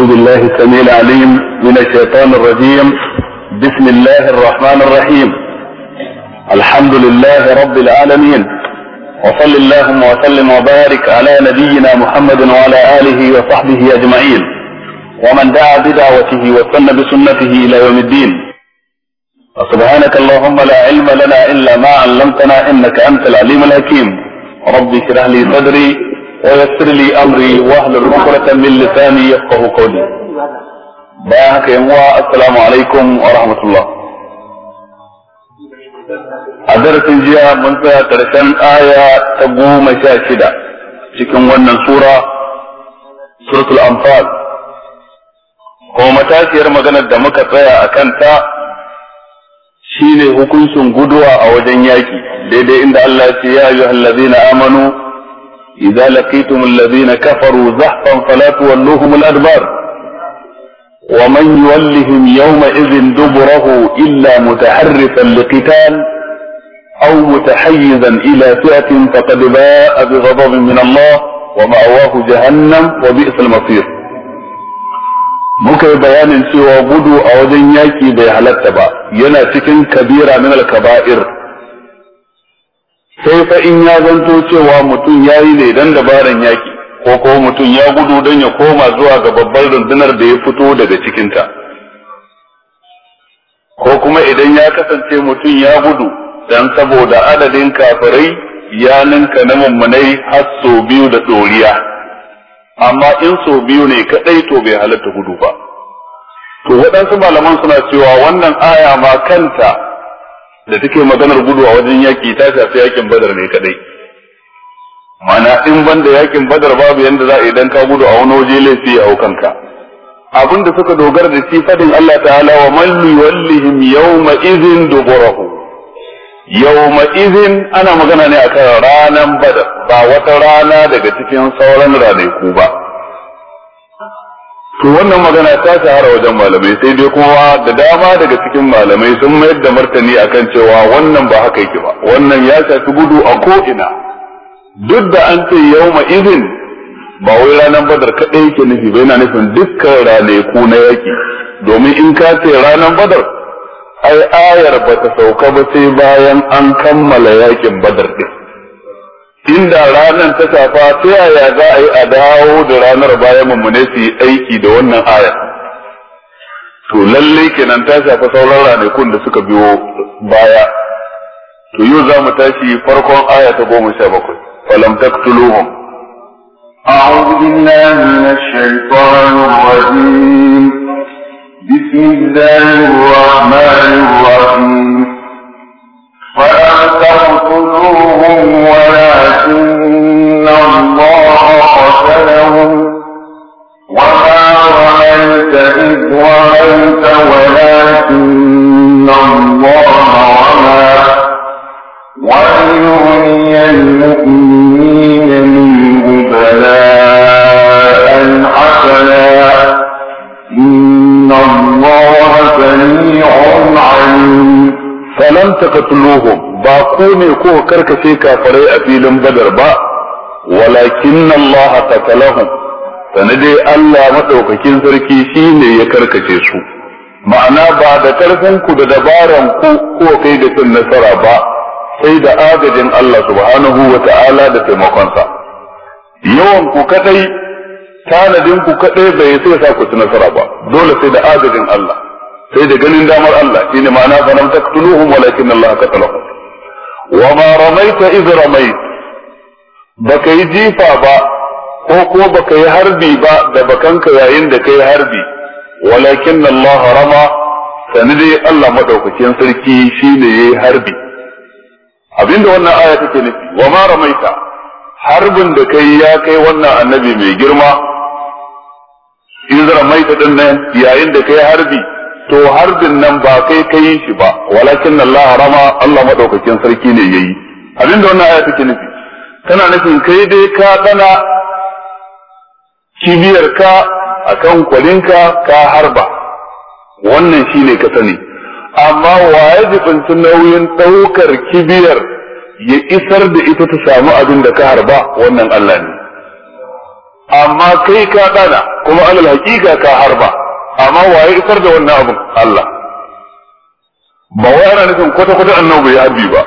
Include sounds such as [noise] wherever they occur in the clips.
أعوذ بالله السميع العليم من الشيطان الرجيم بسم الله الرحمن الرحيم الحمد لله رب العالمين وصل اللهم وسلم وبارك على نبينا محمد وعلى آله وصحبه أجمعين ومن دعا بدعوته وسن بسنته إلى يوم الدين سبحانك اللهم لا علم لنا إلا ما علمتنا إنك أنت العليم الحكيم رب اشرح لي صدري ويسر لي أمري واحلل عقدة من لساني يفقه قولي باك rahmatulah. السلام عليكم ورحمة الله أدرس جيا من ta آية sha شاشدة cikin wannan sura suratul anfal ko matashiyar maganar da muka tsaya a kanta shine hukuncin guduwa a wajen yaki daidai inda Allah ya ce ya ayyuhallazina amanu إذا لقيتم الذين كفروا زحفا فلا تولوهم الأدبار ومن يولهم يومئذ دبره إلا متحرفا لقتال أو متحيزا إلى فئة فقد باء بغضب من الله ومأواه جهنم وبئس المصير مكر بيان سوى بدو أو دنياكي بيعلى التبع ينا halatta كبيرة من الكبائر sai fa in ya zanto cewa mutum ya yi ne dan dabaran yaki ko ko mutum ya gudu don ya koma zuwa ga babbar rundunar da ya fito daga cikinta ko kuma idan ya kasance mutum ya gudu dan saboda adadin kafirai ya ninka na mummunai har sau biyu da ɗoriya amma in sau biyu ne kaɗai to bai halatta gudu ba to waɗansu malaman suna cewa wannan aya ma kanta da take maganar gudu a wajen yaki ta shafi yakin badar ne kadai mana in banda yakin badar babu yanda za a idan ka gudu a wani waje laifi a kanka abin da suka dogara da shi fadin Allah ta'ala wa man yuwallihim yawma idhin duburahu yawma idhin ana magana ne akan ranan badar ba wata rana daga cikin sauran ranaku ba to wannan magana ta shahara wajen malamai sai dai kuma da dama daga cikin malamai sun mayar da martani akan cewa wannan ba haka yake ba wannan ya shafi gudu a ko ina duk da an ce ma izin ba wai ranar badar kaɗai yake nufi ba yana nufin dukkan ranaku na yaƙi domin in ka ce ranar badar ai ayar ba ta sauka ba sai bayan an kammala yaƙin badar ɗin inda ranar ta shafa ta yaya za a yi a dawo da ranar bayan mummune su yi aiki da wannan aya to lallai kenan ta shafa sauran ranakun da suka biyo baya to yau za mu tashi farkon aya ta goma sha bakwai falam taqtuluhum أعوذ بالله من الشيطان الرجيم بسم الله الرحمن الرحيم ولم تقتلوهم ولكن الله قتلهم وما رميت إذ رميت ولكن الله رمى وليغني المؤمنين lam taqtuluhum ba ku ne ko karkace kafirai a filin badar ba walakin Allah qatalahum sanade Allah madaukakin sarki shine ya karkace su ma'ana ba da karfin ku da dabaran ku ko kai da cin nasara ba sai da agajin Allah subhanahu wa ta'ala da taimakonsa yawan ku kadai tanadin ku kadai bai sai sa ku ci nasara ba dole sai da agajin Allah sai da ganin damar Allah shine ma'ana fa lam taqtuluhum walakin Allah qatalahum wa ma ramaita id ramait baka yi jifa ba ko ko baka yi harbi ba da bakanka yayin da kai harbi walakin Allah rama sani dai Allah madaukakin sarki shine yayi harbi abinda wannan aya take nufi wa ma ramaita harbin da kai ya kai wannan annabi mai girma in zara maita din nan yayin da kai harbi to harbin nan ba kai ka yi shi ba walakin Allah rama Allah madaukakin sarki ne yayi abinda wannan aya take nufi tana nufin kai dai ka dana kibiyar ka akan kwalinka ka harba wannan shine ka sani amma waye jibinci nauyin ɗaukar kibiyar ya isar da ita ta samu abin da ka harba wannan Allah ne amma kai ka dana kuma alal hakika ka harba amma waye isar da wannan abin Allah ba wai ana nufin kwata kwata annabi bai harbi ba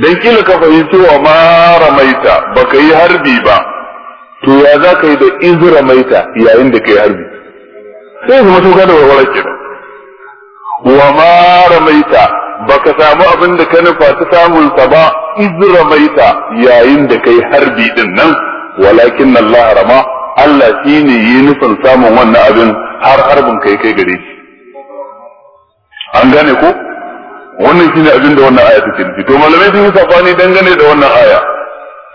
dan kila ka fahimci wa ma ramaita ka yi harbi ba to ya za ka yi da iz ramaita yayin da kai harbi sai ya to tuka da ke ba. wa ma ramaita ka samu abin da ka nufa ta samun sa ba maita ramaita yayin da kai harbi din nan walakin Allah rama Allah shi ne yi nufin samun wannan abin har harbin kai kai gare shi an gane ko wannan shi ne abin da wannan aya take nufi to malamai sun yi sabani dangane da wannan aya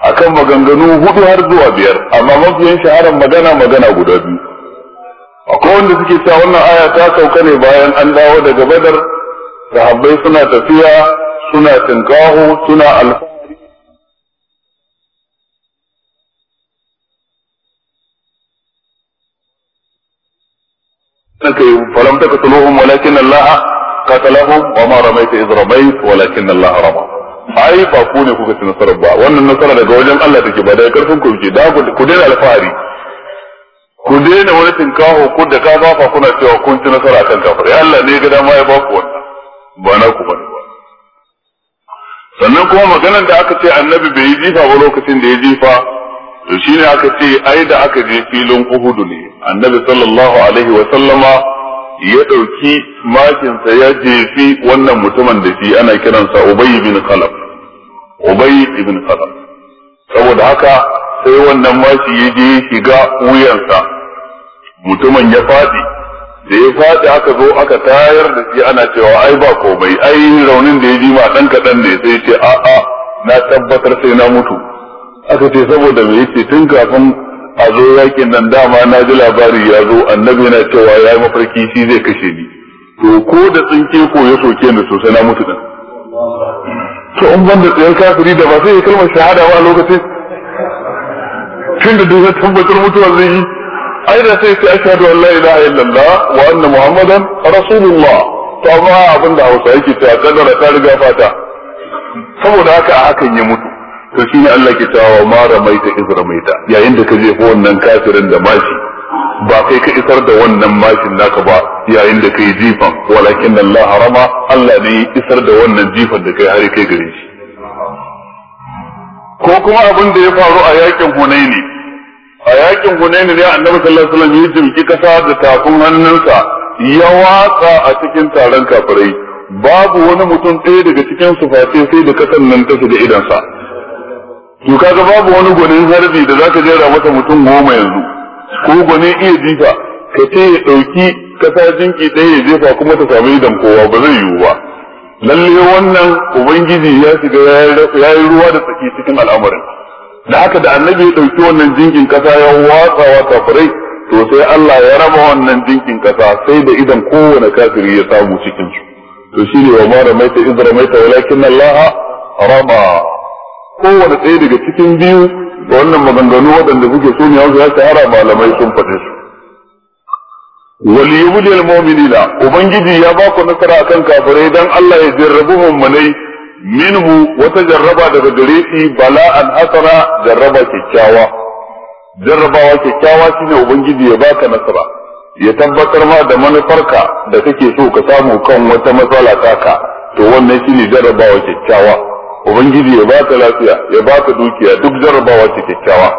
akan maganganu hudu har zuwa biyar amma mafiyan shaharar magana magana guda biyu akwai wanda suke sa wannan aya ta sauka ne bayan an dawo daga badar sahabbai suna tafiya suna tinkaho suna alfahari. kai falam taka tuluhum walakin Allah qatalahum wa ma ramaita iz ramait walakin Allah rama ai ba ku ne kuka ci nasarar ba wannan nasara daga wajen Allah take ba dai karfin ku ke da ku daina alfahari ku daina wani tinkaho ku da ka zafa na cewa kun ci nasara akan kafir ya Allah ne ga dama ya ba ku wannan ba na ku bane ba sannan kuma maganar da aka ce annabi bai yi jifa ba lokacin da ya jifa shi ne aka ce ai da aka je filin uhudu ne annabi sallallahu alaihi wa sallama ya ɗauki makinsa ya jefi wannan mutumin da shi ana kiransa ubay ibn khalaf ubay ibn khalaf saboda haka sai wannan maki ya je shiga wuyansa mutumin ya faɗi da ya faɗi aka zo aka tayar da shi ana cewa ai ba komai ai raunin da ya ji ma ɗan kaɗan ne sai ce a'a na tabbatar sai na mutu aka ce saboda me yake tun kafin a zo yakin nan dama na ji labari ya zo annabi yana cewa ya yi mafarki shi zai kashe ni to ko da tsinke ko ya soke ni sosai na mutu nan. to in ban da tsayar kafiri da ba sai ya kalmar shahada ba a lokacin tun da duk tabbatar mutuwar zai yi ai da sai sai ashhadu wallahi la ilaha illallah wa anna muhammadan rasulullah to ba abin da Hausa yake ta kadara ta riga fata saboda haka a hakan ya mutu to ne Allah ke cewa ma izra maita, ta yayin da ka je ko wannan kafirin da mashi ba kai ka isar da wannan mashin naka ba yayin da kai jifan walakin Allah harama Allah ne isar da wannan jifan da kai har kai gare shi ko kuma abin da ya faru a yakin Hunaini a yakin Hunaini ne Annabi sallallahu alaihi wasallam ya jimki kasa da takun hannunsa ya watsa a cikin taron kafirai babu wani mutum ɗaya daga cikin su face sai da kasan nan ta da idansa to kaga babu wani gwanin harbi da zaka jera masa mutum goma yanzu ko gwanin iya jifa ka ce ya dauki kasa jinki ɗaya ya jefa kuma ta sami idan kowa ba zai yiwu ba lalle wannan ubangiji ya shiga ya yi ruwa da tsaki cikin al'amarin da haka da annabi ya dauki wannan jinkin kasa ya watsa wa kafirai to sai Allah ya raba wannan jinkin kasa sai da idan kowane kafiri ya samu cikin su to shine wa ma maita iz ramaita walakin Allah rama kowane ɗaya daga cikin biyu da wannan maganganu waɗanda kuke so ne wasu ya shahara malamai sun faɗe su waliyubuli almu'minina ubangiji ya ba ku nasara kan kafirai don Allah ya jarrabu mummanai minhu wata jarraba daga gare shi bala'an asara, jarraba kyakkyawa jarrabawa kyakkyawa ne ubangiji ya baka nasara ya tabbatar ma da manufarka da kake so ka samu kan wata matsala ka, to wannan ne jarrabawa kyakkyawa ubangiji ya baka lafiya ya baka dukiya duk jarrabawa ce kyakkyawa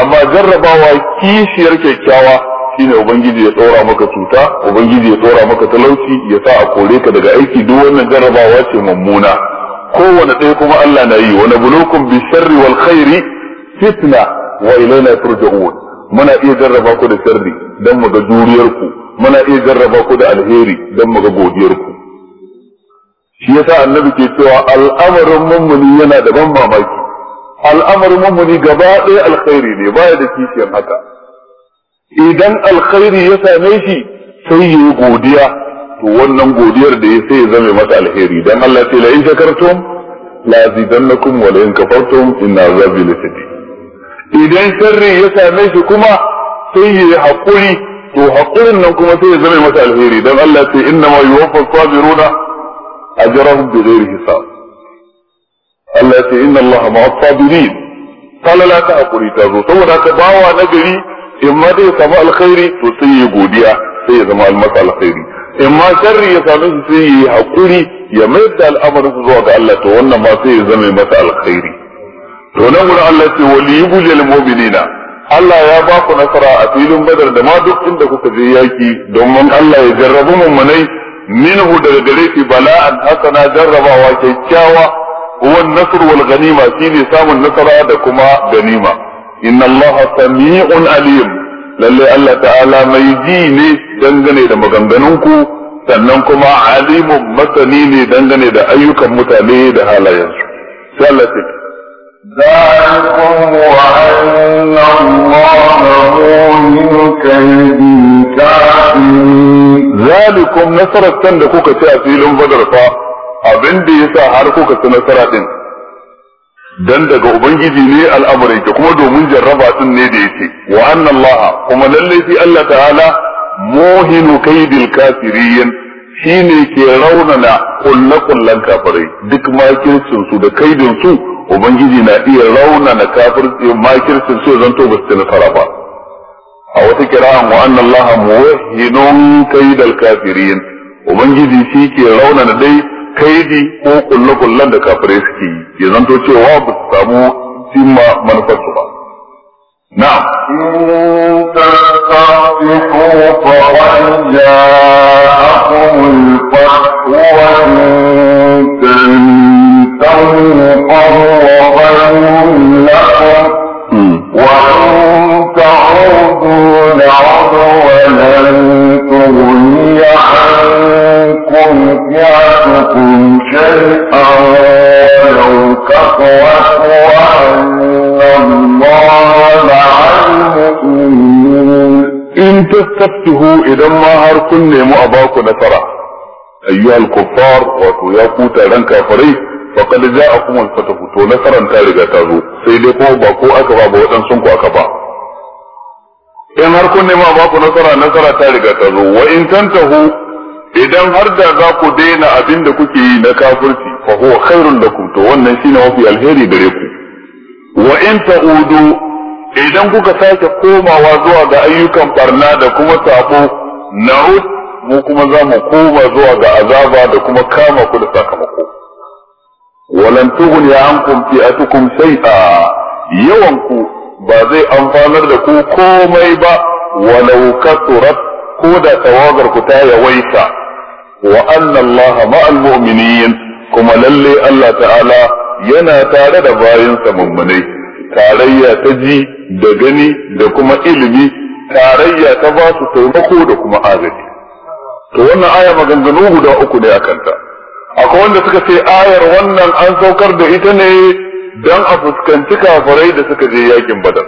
amma jarrabawa kishiyar kyakkyawa shine ubangiji ya tsora maka cuta ubangiji ya tsora maka talauci ya sa a kore ka daga aiki duk wannan jarrabawa ce mummuna kowane ɗaya kuma Allah na yi wa nablukum bi sharri wal khairi fitna wa ilayna turja'un muna iya jarraba ku da sharri dan mu ga juriyar ku muna iya jarraba ku da alheri dan mu ga godiyar ku shi yasa annabi ke cewa al'amarin mummuni yana da ban mamaki al'amarin mummuni gaba ɗaya alkhairi ne baya da kishiyar haka idan alkhairi ya same shi sai ya yi godiya to wannan godiyar da ya sai ya zame masa alheri dan Allah ce la in shakartum la zidannakum wa la in kafartum inna azabi lasadi idan sharri ya same shi kuma sai ya yi hakuri to haƙurin nan kuma sai ya zame masa alheri dan Allah ce inna ma yuwaffa sabiruna أجرهم بغير حساب Allah ya ce inna Allah ma sabirin falala ta hakuri ta zo saboda ka bawa nagari in ma dai samu alkhairi to sai ya godiya sai ya zama almasa alkhairi in ma sharri ya same shi sai ya hakuri ya mai da al'amarin zuwa ga Allah to wannan ma sai ya zama masa alkhairi to nan gurin Allah ya ce waliyul mu'minina Allah ya ba ku nasara a filin badar da ma duk inda kuka je yaki don Allah ya jarrabu mummunai minhu daga gare shi bala'an hasana jarrabawa kyakkyawa uwan nasr wal ganima shine samun nasara da kuma ganima inna Allah sami'un alim lalle Allah ta'ala mai ji ne dangane da ku sannan kuma alimun masani ne dangane da ayyukan mutane da halayensu sai Allah ce ذلكم وأن الله مولى الكيد الكافرين zalikum nasarar kan da kuka ci a filin badar fa abin da yasa har kuka ci nasara din dan daga ubangiji ne al'amarin ki kuma domin jarraba din ne da yake wa anna kuma lalle fi allah ta'ala muhinu kaidil kafirin shine ke raunana kullu kullan kafirai duk makircin su da kaidin su ubangiji na iya raunana kafirci makircin su zanto ba su nasara ba a wata kira'an wa anna Allah muwahhinun kaidal kafirin ubangiji shi ke raunana dai kaidi ko kulle kullen da kafirai suke yi ya zanto cewa ba su samu cimma manufarsu ba na'am تستعرفوا فقد جاءكم الفتح وإن تنتهوا فهو خير لكم وإن ترضون تغني عنكم شيئا ولو الله إن إذا ما هركن نمو أباكو نصرا أيها الكفار واتو يا كوتا لن كافرين فقد جاءكم a kuma fata fito nasarar ta riga ta zo in har kun nema ba ku nasara nasara ta riga ta zo wa in tantahu idan har da za ku daina abin da kuke yi na kafirci fa huwa khairun lakum to wannan shine mafi alheri gare ku wa in ta'udu idan kuka sake komawa zuwa ga ayyukan barna da kuma sabo na'ud mu kuma za mu koma zuwa ga azaba da kuma kama ku da sakamako walan tughni ankum fi'atukum shay'a yawan ku ba zai amfanar da ku komai ba walau kasurat ko da tawagar ku ta yawaita wa anna Allah ma'al mu'minin kuma lalle Allah ta'ala yana tare da bayansa mummunai tarayya ta ji da gani da kuma ilimi tarayya ta ba su taimako da kuma agaji to wannan aya maganganu guda uku ne a kanta akwai wanda suka ce ayar wannan an saukar da ita ne dan a fuskanci kafirai da suka je yakin badar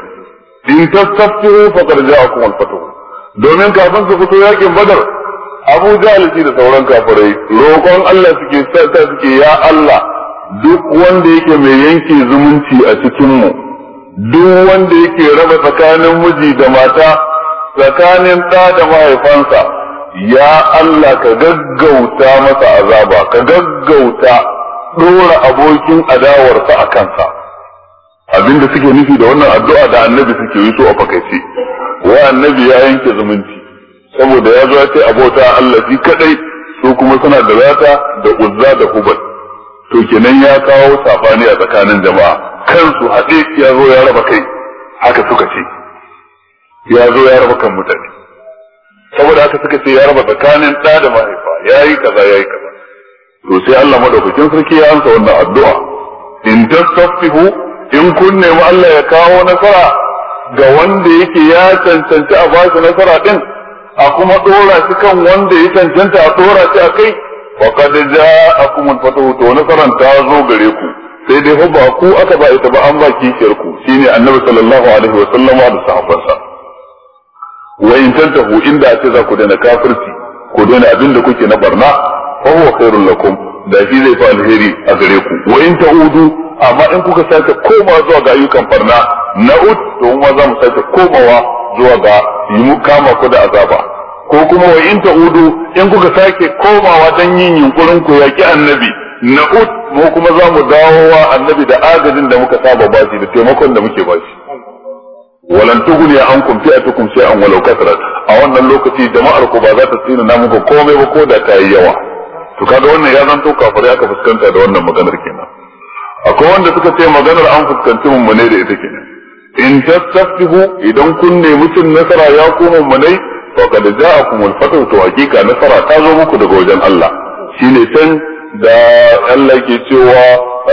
in tasaffihu karja a al-fathu domin kafin su fito yakin badar Abu jalisi da sauran kafirai roƙon Allah suke sa suke ya Allah duk wanda yake mai yanke zumunci a cikin mu duk wanda yake raba tsakanin miji da mata tsakanin ɗa da mahaifansa ya Allah ka gaggauta masa azaba ka gaggauta dora abokin adawarsa a kansa abinda suke nufi da wannan addu'a da annabi suke yi so a fakaice wa annabi ya yanke zumunci saboda ya zo ya ce abota Allah shi kadai su kuma suna da zata da uzza da hubal to kenan ya kawo safani a tsakanin jama'a kansu haɗe ya zo ya raba kai haka suka ce ya zo ya raba kan mutane saboda haka suka ce ya raba tsakanin ɗa da mahaifa ya yi kaza ya yi kaza to sai Allah madaukakin sarki ya amsa wannan addu'a in tasaffihu in kunne mu Allah ya kawo nasara ga wanda yake ya cancanci a bashi nasara din a kuma dora shi kan wanda ya cancanta a dora shi a kai kad ja'akum al-fatuhu to nasaran ta zo gare ku sai dai fa ba ku aka ba ita ba an ba kishiyar ku shine annabi sallallahu alaihi wa sallam da sahabbansa wa in tantahu inda ake za ku daina kafirci ku daina abinda kuke na barna fa huwa khairul lakum da shi zai fi alheri a gare ku wa in ta'udu amma in kuka sake komawa zuwa ga ayyukan farna na'ud to mu za mu sake komawa zuwa ga yi kama ku da azaba ko kuma wa in ta'udu in kuka sake komawa dan yin yunkurin ku yaki annabi na'ud mu kuma za mu dawo wa annabi da agajin da muka saba ba shi da taimakon da muke ba shi walan tughni ankum fi'atukum shay'an walau kasrat a wannan lokaci jama'ar ku ba za ta tsina namu muku komai ba ko da ta yi yawa to kaga wannan ya zanto ya ka fuskanta da wannan maganar kenan akwai wanda suka ce maganar an fuskanci mummune da ita kenan in tattafihu idan kun ne nasara ya ku mummunai faqad ja'akum al-fathu to hakika nasara ta zo muku daga wajen Allah shine can da Allah ke cewa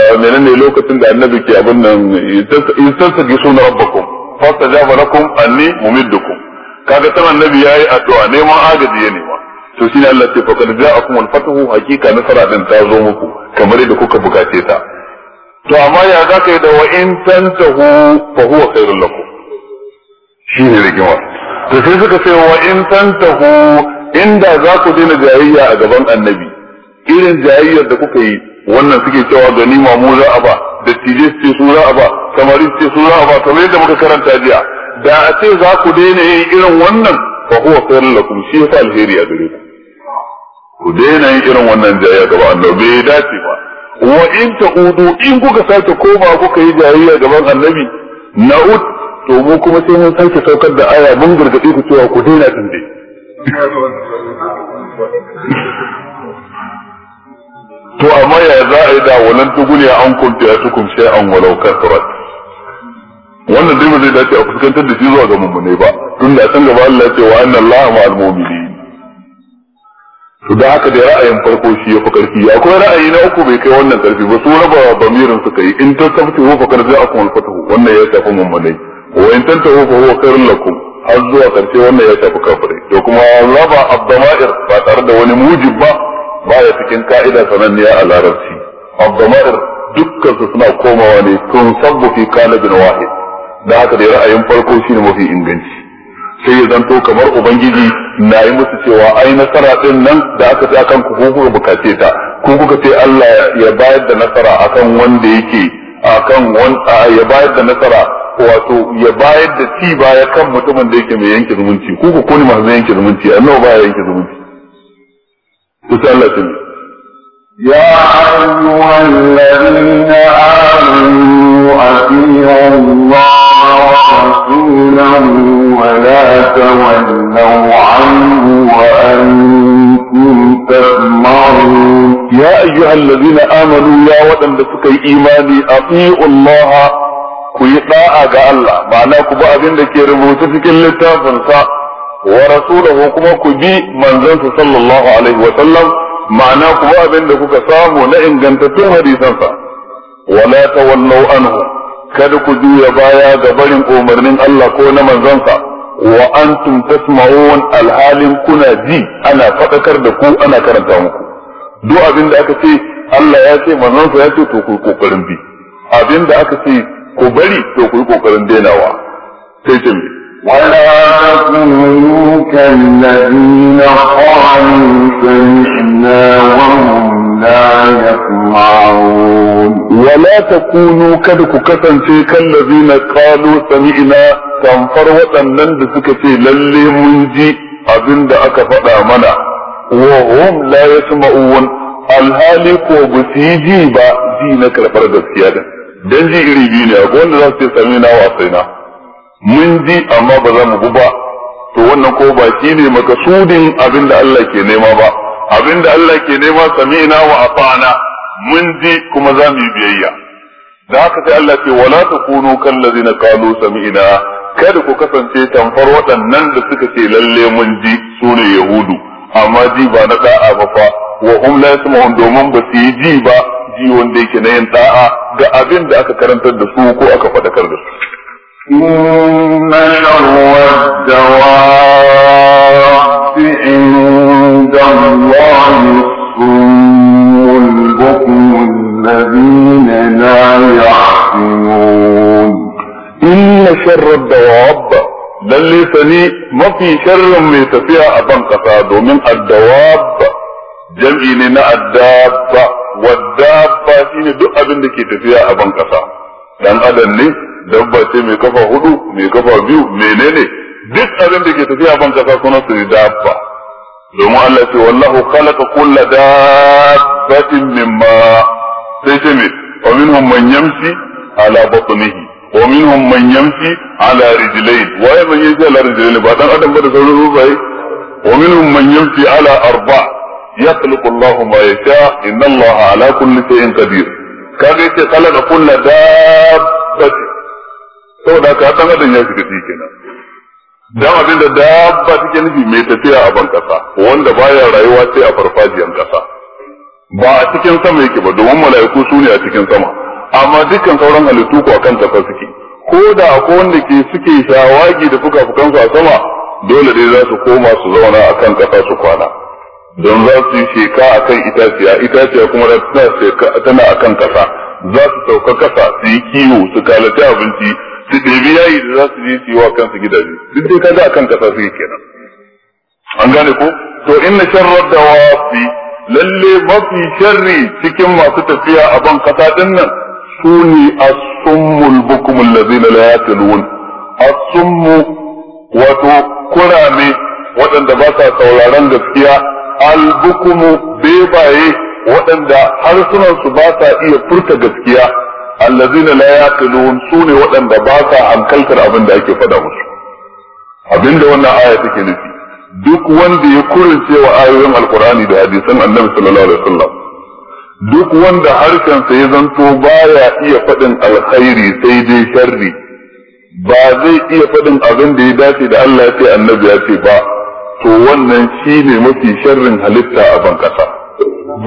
eh, menene lokacin da annabi ke abin nan in tattafihu rabbakum fastajaba lakum anni mumiddukum kaga tana annabi yayi addu'a neman agaji ne to shine Allah ce fa kadza akum al fatahu hakika nasara din ta zo muku kamar yadda kuka bukace ta to amma ya zaka yi da wa in tantahu fa huwa khairul lakum shine rigima to sai suka ce wa in tantahu inda za ku daina jayayya a gaban annabi irin jayayyar da kuka yi wannan suke cewa ganima mu za a ba da tije ce su za a ba kamar ce su za a ba kamar yadda muka karanta jiya da a ce za ku daina yin irin wannan fa huwa khairul lakum shi fa alheri a gare ku ku daina yin irin wannan jayayya gaba Allah bai dace ba wa in ta'udu in kuka sake koma kuka yi jayayya gaban annabi na'ud to mu kuma sai mun sake saukar da aya mun gargaɗe ku cewa ku daina din to amma ya za a yi da walan tuguni an kuntu ya tukum sai an walau kasurat wannan dai ba zai dace a fuskantar da shi zuwa ga mummune ba tun da san gaba Allah ya ce wa anna Allah ma'al mu'minin to da haka dai ra'ayin farko shi ya fi karfi akwai ra'ayi na uku bai kai wannan karfi ba su raba bamirin suka yi in ta tasabtu fa kana zai al-fatahu wannan ya tafi mummune wa in ta tantahu fa huwa khairul lakum har zuwa karshe wannan ya tafi kafirai to kuma raba abdama'ir ba tare da wani mujib ba ya cikin ka'ida sananniya a larabci abdama'ir dukkan su suna komawa ne tun sabbu fi qalibin wahid da haka da ra'ayin farko shi ne mafi inganci sai ya zanto kamar ubangiji na yi musu cewa ai nasara din nan da aka ce akan ku kuka bukace ta ku kuka ce Allah ya bayar da nasara akan wanda yake akan wanda ya bayar da nasara wato ya bayar da ci baya kan mutumin da yake mai yanke zumunci ku ku ne masu yanke zumunci annabawa ba yanke zumunci to يا أيها الذين آمنوا أطيعوا الله ورسوله ولا تولوا عنه وأنتم تسمعون يا أيها الذين آمنوا يا ودن بسكي إيماني أطيعوا الله ku yi da'a ga Allah ma'ana ku bi abin da ke rubuta cikin littafinsa wa rasulahu kuma ku bi manzansa sallallahu alaihi wa sallam ma'ana kuma abin da kuka samu na ingantattun hadisansa wala tawallaw anhu kada ku juya baya ga barin umarnin Allah ko na manzansa wa antum tasma'un alhalin kuna ji ana fadakar da ku ana karanta muku duk abin da aka ce Allah ya ce manzansa ya ce to ku kokarin bi abin da aka ce ku bari to ku kokarin denawa sai ce ولا تكونوا كالذين قالوا سمعنا وهم لا يسمعون ولا تكونوا كدك كسن كالذين قالوا سمعنا تنفر وتنن بسكة للي منجي أبن دعك فدا منا وهم لا يسمعون الهالي كو بسيجي با دينك لفرد السيادة دنجي إريجيني أقول لك سمعنا وعطينا mun ji amma ba za mu bi ba to wannan ko ba shi ne makasudin abin da Allah ke nema ba abin da Allah ke nema sami'na wa ata'na mun ji kuma za mu yi biyayya da haka sai Allah ce wala takunu ladina qalu sami'na kada ku kasance tamfar waɗannan da suka ce lalle mun ji su yahudu amma ji ba na da'a ba fa wa hum la yasma'un domin ba su yi ji ba ji wanda yake na yin da'a ga abin da aka karantar da su ko aka faɗakar da su إن شر الدواب عند الله الصم البكم الذين لا يحسنون إن شر الدواب lalle sani mafi sharrin mai tafiya a ban kasa domin addawab jam'i ne na addabba wadda shine duk abin da ke tafiya a ban kasa dan adam ne dabba ce mai kafa hudu mai kafa biyu menene duk abin da ke tafiya ban kasa sunan su dabba domin Allah ce wallahu khalaqa kulla dabbatin mimma sai ce me wa minhum man yamshi ala batnihi wa minhum man yamshi ala rijlayn waye man yamshi ala rijlayn ba dan adam ba da sauran rubaye wa minhum man yamshi ala arba yakhluqu Allahu ma yasha inna Allaha ala kulli shay'in qadir kaga yace khalaqa kulla dabbatin saboda ka dan adam ya shiga ciki kenan dan abin da dabba take nufi mai tafiya a ban kasa wanda baya rayuwa sai a farfajiyan kasa ba a cikin sama yake ba domin mala'iku su ne a cikin sama amma dukkan sauran halittu ko akan tafa suke ko da ko wanda ke suke shawagi da fuka-fukansu a sama dole dai za su koma su zauna akan kasa su kwana don za su yi sheka a kan itaciya itaciya kuma tana a kan kasa za su sauka kasa su yi kiwo su kalaci abinci su ɗebi yayi da za su je su yi wa kansu gidaje duk dai kaga akan kasa su kenan an gane ko to inna sharrar dawafi lalle mafi sharri cikin masu tafiya a ban kasa din nan su ne as-summul bukumul ladzina la yaqilun as-summu wato kurame waɗanda ba sa sauraron gaskiya albukumu bebaye waɗanda harsunansu ba sa iya furta gaskiya allazina la yaqilun sune waɗanda ba sa hankaltar abin da ake faɗa musu abinda wannan aya take nufi duk wanda ya kurince wa ayoyin alqur'ani da hadisan annabi duk wanda harshensa ya zanto baya iya faɗin alkhairi sai dai sharri ba zai iya faɗin abin da ya dace da Allah ya ce annabi ya ce ba to wannan shine mafi sharrin halitta a ban kasa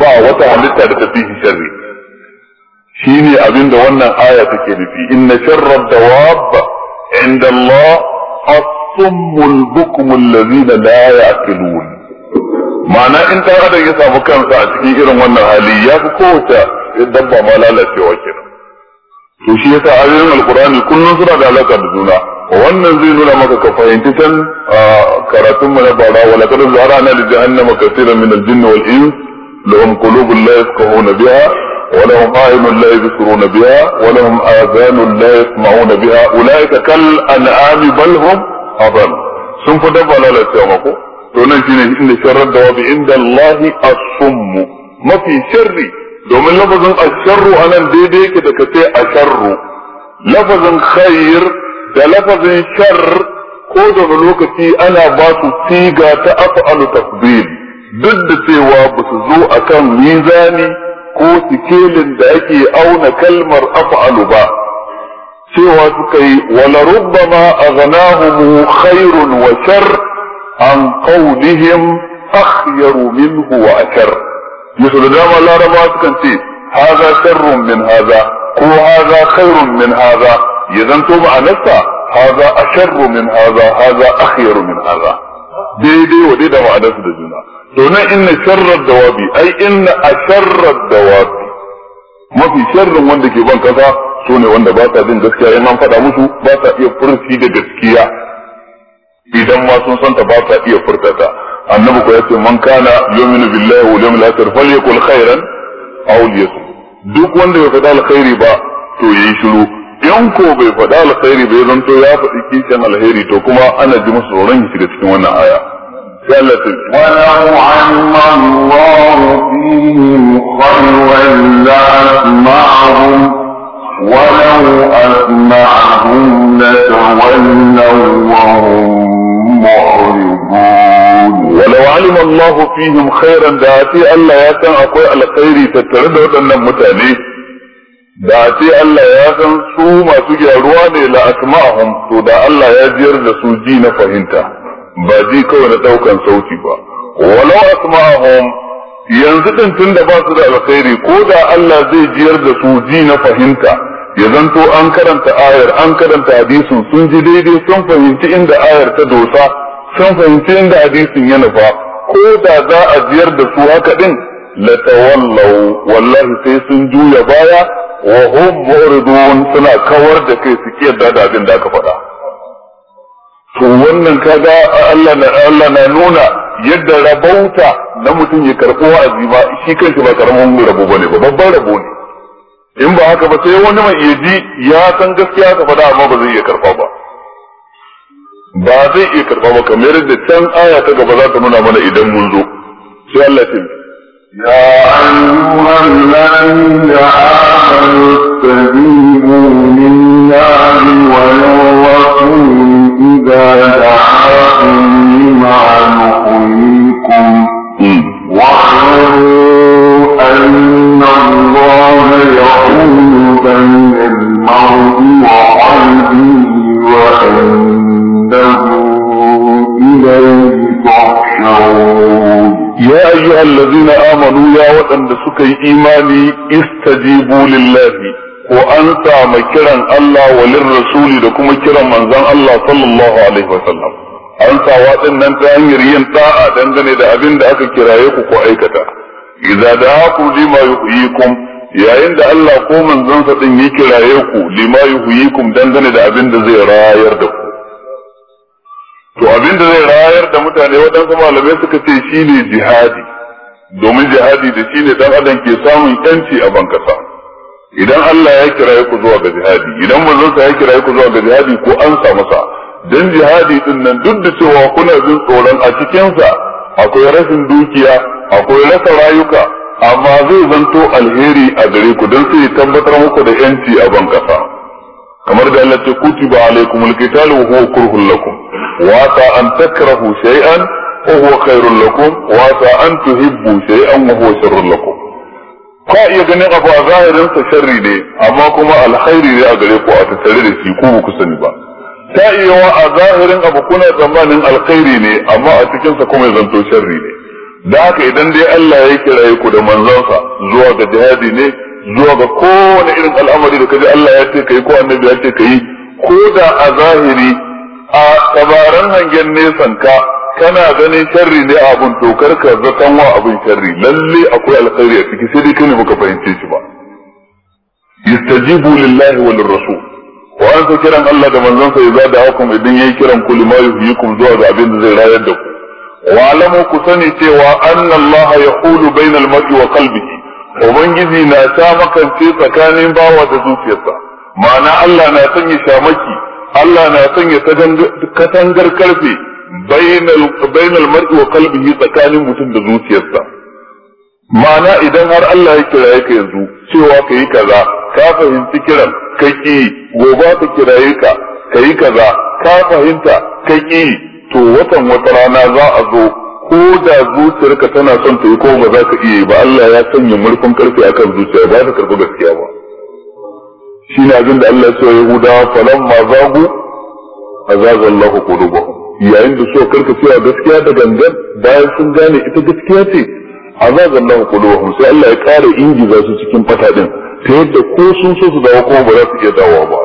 ba wata halitta da tafi sharri shine abin da wannan aya take nufi inna sharra dawab inda Allah as-summul bukmul ladina la ya'qilun ma'ana in dan adam ya samu kansa a cikin irin wannan hali ya fi kowace dabba ma lalacewa kenan to shi yasa ayoyin alqur'ani kullun suna da alaka da juna wannan zai nuna maka ka fahimci can karatun mu na bara wala kad zarana li jahannama kaseeran min al-jinni wal ins lahum qulubun la yafqahuna biha ولهم أعين لا يبصرون بها ولهم آذان لا يسمعون بها أولئك كالأنعام بل هم أضل sun fi dabba lalacewa mako to nan shine da wabi inda Allahi mafi sharri domin lafazin asharru a nan daidai yake da kace asharru lafazin khair da lafazin shar ko da lokaci ana basu su siga ta af'alu tasbil duk da cewa ba su zo akan mizani ko sikelin da ake auna kalmar af'alu ba cewa suka yi wala rubbama aghnahum khairun wa shar an qawlihim akhyaru minhu wa akar musu da dama laraba sukan ce haza sharrun min haza ko haza khairun min haza ya zanto ma'anarsa haza asharru min haza haza akhyaru min haza daidai wa da ma'anarsu da juna domin inna sharrar dawabi ai inna a sharrar dawabi mafi sharrin wanda ke ban kasa su ne wanda ba sa jin gaskiya in an faɗa musu ba sa iya furci da gaskiya idan ma sun santa ba sa iya furtata annabi ko yace man kana yu'minu billahi wal yawmil akhir falyakul khairan duk wanda bai faɗa alkhairi ba to yayi shiru in ko bai faɗa alkhairi bai zanto ya faɗi kishin alheri to kuma ana ji musu tsoron shiga cikin wannan aya ولو علم الله فيهم خيرا لاسمعهم ولو اسمعهم لتولوا وهم معرضون ولو علم الله فيهم خيرا دعتي الا يا كان اقوى الخير تترد ودن متاني da a ce Allah ya san su masu gyaruwa ne la asma'ahum to da Allah ya jiyar da su ji na fahimta ba ji kawai na daukan sauti ba walau asma'ahum yanzu din tunda ba su da alkhairi ko da Allah zai jiyar da su ji na fahimta ya zanto an karanta ayar an karanta hadisin sun ji daidai sun fahimci inda ayar ta dosa sun fahimci inda hadisin ya nufa ko da za a jiyar da su haka din latawallaw wallahi sai sun juya baya wa hum mu'ridun suna kawar da kai su kiyar da abin da aka faɗa to wannan kaga Allah na Allah na nuna yadda rabauta na mutum ya karɓo azima shi kanshi ba karamin rabo bane ba babban rabo ne in ba haka ba sai wani mai iya ji ya san gaskiya ka faɗa amma ba zai iya karɓa ba ba zai iya karɓa ba kamar yadda can aya ta gaba za ta nuna mana idan mun zo sai Allah ta يا أيها الذين آمنوا استجيبوا لله وللرسول إذا دعاكم لما يحييكم أن الله يحول بين المرء وقلبه وأنه إليه تحشرون يا أيها الذين آمنوا يا وطن سكي إيماني استجيبوا لله ko an samu kiran Allah walin rasuli da kuma kiran manzon Allah sallallahu alaihi wasallam an sawa din ta hanyar yin da'a dangane da abin da aka kiraye ku ko aikata idza da'akum lima yuhyikum yayin da Allah ko manzon sa din ya kiraye ku lima yuhyikum dangane da abin da zai rayar da ku to abin da zai rayar da mutane waɗansu malamai suka ce shine jihadi domin jihadi da shine dan adam ke samun yanci a bankasa idan Allah ya kira ku zuwa ga jihadi idan manzon ya kira ku zuwa ga jihadi ko an sa masa dan jihadi din nan duk da cewa kuna jin tsoron a cikin sa akwai rashin dukiya akwai rasa rayuka amma zai zanto alheri a gare ku dan sai tabbatar muku da yanci a ban kasa kamar da Allah ce kutiba alaikumul qital wa huwa kurhul lakum wa ta an takrahu shay'an wa huwa khairul lakum wa ta an tuhibbu shay'an wa huwa sharrul lakum ka iya ganin abu a zahirin sa sharri ne amma kuma alkhairi ne a gare ku a tattare da shi ku ku sani ba ta iya wa a zahirin abu kuna tsammanin alkhairi ne amma a cikin sa kuma zanto sharri ne da haka idan dai Allah ya kiraye ku da manzonsa zuwa ga jihadi ne zuwa ga kowane irin al'amari da kaji Allah ya ce kai ko annabi ya ce kai ko da a zahiri a tabaran hangen nesan ka kana ganin sharri ne a abin to karka zaton wa abin sharri lalle akwai alkhairi a ciki sai dai kai ne baka fahimce shi ba yastajibu lillahi wal lirrasul wa an sa kiran Allah da manzon sa da da'akum idan yayi kiran ku lima yuhyikum zuwa ga abin da zai rayar da ku wa alamu ku sani cewa anna Allah yaqulu bainal mar'i wa qalbihi ubangiji na ta makance tsakanin bawa da zuciyarsa ma'ana Allah na sanya shamaki Allah na sanya katangar karfe bayan mar'i wa qalbihi tsakanin mutum da zuciyarsa ma'ana idan har Allah ya kiraye ka yanzu cewa ka yi kaza ka fahimci kiran ka ki gobe ka kiraye ka ka yi kaza ka fahimta ka ki to watan wata rana za a zo ko da zuciyarka tana son ta yi ko ba za ka iya yi ba Allah ya sanya murfin karfi akan zuciya ba ka karɓi gaskiya ba Shi na abin da Allah ya ce wa Yahudawa falamma zagu azaga qulubahum yayin da suka cewa gaskiya da gangan bayan sun gane ita gaskiya ce a azaban lahu quluhum sai Allah ya kare ingiza su cikin fata din ta yadda ko sun so su dawo kuma ba za su iya dawo ba